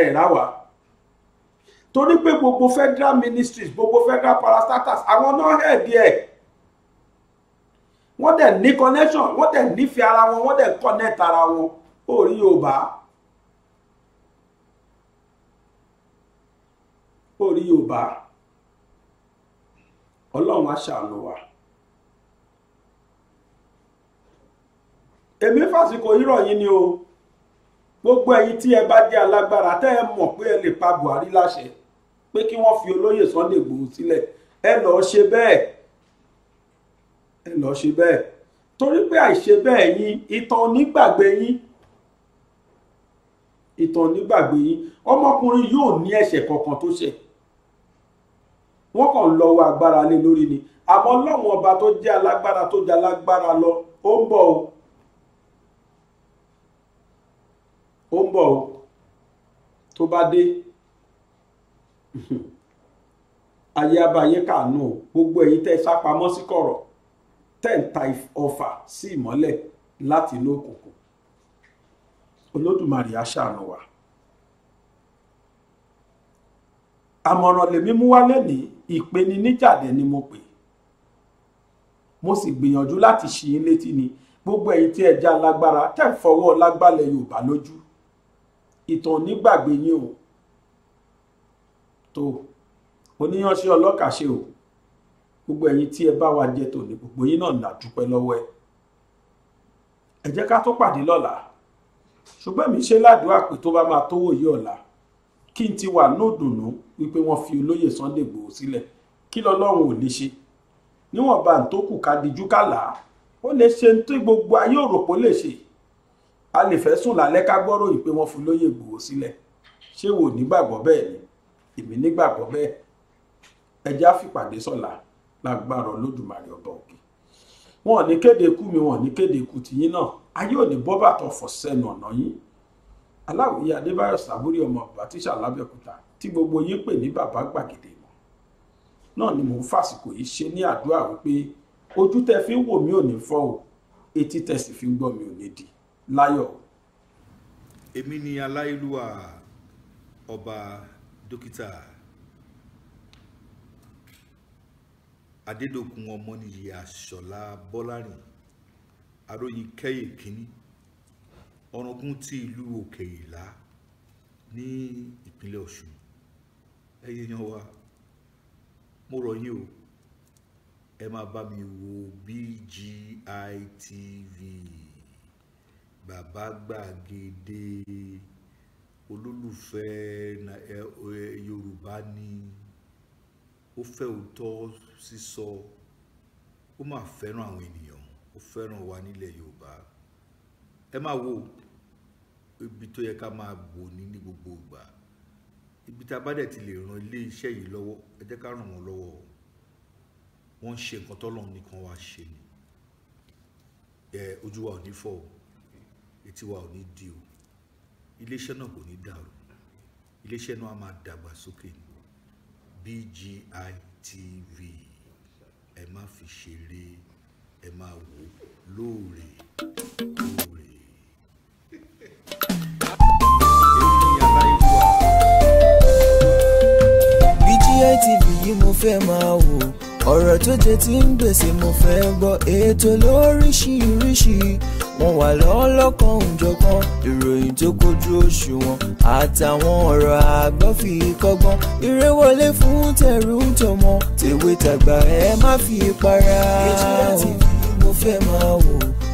ẹ̀ ráwàá torí pé gbogbo federal ministries gbogbo federal parastatals àwọn náà hẹ̀ díẹ̀ wọ́n dẹ̀ ní connection wọ́n dẹ̀ nífẹ̀ẹ́ ara wọn wọ́n dẹ̀ connect ara wọn ó rí Yorùbá ó rí Yorùbá Ọlọ́run á wa. èmi fàsìkò irọ́ yìí ni o gbogbo ẹ̀yin tí ẹ bá jẹ́ alágbára tẹ́ ẹ mọ̀ pé ẹ lè pa Buhari láṣẹ pé kí wọ́n fi olóyè Sunday Igboho sílẹ̀ ẹ lọ́ọ́ ṣe bẹ́ẹ̀ ẹ lọ́ọ́ ṣe bẹ́ẹ̀ torí pé àìṣe bẹ́ẹ̀ yín ìtàn onígbàgbé yín ìtàn onígbàgbé yín ọmọkùnrin yóò ní ẹ̀ṣẹ̀ kankan tó ṣẹ̀ wọ́n kàn lọ agbára lé lórí ni àmọ́ Ọlọ́run ọba tó jẹ́ alágbára tó jẹ́ alágbára lọ ó ń bọ̀ o. ó ń bọ̀ o tó bá dé ayé abayé kàánú o gbogbo ẹ̀yin tẹ́ ẹ sápamọ́ sí kọ̀rọ̀ tẹ́ ń ta ọfà sí ìmọ́lẹ̀ láti inú òkùnkùn olódùmarè á ṣàánú wa. àmọ̀ràn lèmi mú wá lẹ́nìí ìpèníníjàdẹ ni mo pè mo sì gbìyànjú láti ṣì létí ni gbogbo ẹ̀yin tí ẹ lágbára tẹ́ fọwọ́ lágbálẹ̀ yorùbá lójú ìtàn onígbàgbé ni o tó oníyanṣẹ́ ọlọ́kàṣe o gbogbo ẹ̀yin tí ẹ bá wa jẹ tòní gbogbo yín náà là dúpẹ́ lọ́wọ́ ẹ ẹ jẹ́ ká tó pàdé lọ́la ṣùgbọ́n mi ṣe ládùúgbà pé tó bá máa tówó yìí ọ̀la kí n ti wà lódùnnú wípé wọ́n fi olóyè Sunday Igboho sílẹ̀ kí lọ́lọ́run ò lè ṣe níwọ̀nba tó ká dijú ká ó lè ṣe ní gbogbo ayé òròpó lè ṣe a lè fẹ́ sùn lálẹ́ ká gbọ́rò yìí pé wọ́n fi lóyè Ìgbòho sílẹ̀ ṣé wò nígbàgbọ́ bẹ́ẹ̀ ni èmi nígbàgbọ́ bẹ́ẹ̀ ẹjẹ́ àfìpàdé sọ̀la lágbára Olódùmarè ọba òkè wọn ò ní kéde ikú mi wọn ò ní kéde ikú tìyín náà ayé ò ní bọ́ bàtọ̀ fọ̀ sẹ́nu ọ̀nà yín aláwòye adébáyọ̀ sábúrí ọmọ bàtíṣà lábẹ́òkúta tí gbogbo yín pè ní bàbá gbàgede ìmọ̀ náà ni mò ń fàsìkò yìí ṣe ní àdúrà wípé ojú tẹ́ fi ń wò mí ò ní fọ́ o etí tẹ́ sì fi ń gbọ́ mi ò ní di láyọ̀. èmi ni aláìlúwà ọba dókítà adédọ̀kun ọmọnìyí àṣọlá bọ́lárìn aróyin kẹ́yè kínní ọ̀ràngún ti ìlú òkè ìlá ní ìpínlẹ̀ ọ̀ṣun ẹyẹ yan wa mo rọ̀ yín o ẹ máa bá mi wo BGI TV bàbá gbàgede olólùfẹ́ yorùbá ni ó fẹ́ òótọ́ sísọ ó máa fẹ́ràn àwọn ènìyàn ó fẹ́ràn wa nílẹ̀ yorùbá ẹ máa wo ibi tó yẹ ká máa bò ní ní gbogbo ìgbà ibi tá a bá dẹ̀ ti lè ran ilé iṣẹ́ yìí lọ́wọ́ ẹ jẹ́ ká ràn wọ́n lọ́wọ́ wọ́n ń ṣe nǹkan tọ́lọ́run nìkan wá ṣe ni ojú wa ò ní fọ́ o etí wa ò ní di o iléeṣẹ́ náà kò ní dàrú iléeṣẹ́ náà a máa dàgbà sókè BGI TV ẹ má fi ṣeré ẹ máa wò lóòrè lóòrè. TV yìí mo fẹ́ máa wò ọ̀rọ̀ tó jẹ ti ń gbèsè mo fẹ́ gbọ́ ètò lóríṣiríṣi wọ́n wà lọ́lọ́kan òjọ̀kan ìròyìn tó kojú òṣùwọ̀n àtàwọn ọ̀rọ̀ àgbọ́ fi kọ́gbọ́n eré wọlé fún tẹ̀rù ń tọmọ tèwe tàgbà ẹ má fi para. Kejìlá TV mo fẹ́ máa wò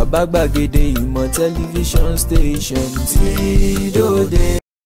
bàbá gbàgede ìmọ̀ tẹlifíṣàn station tí dòde.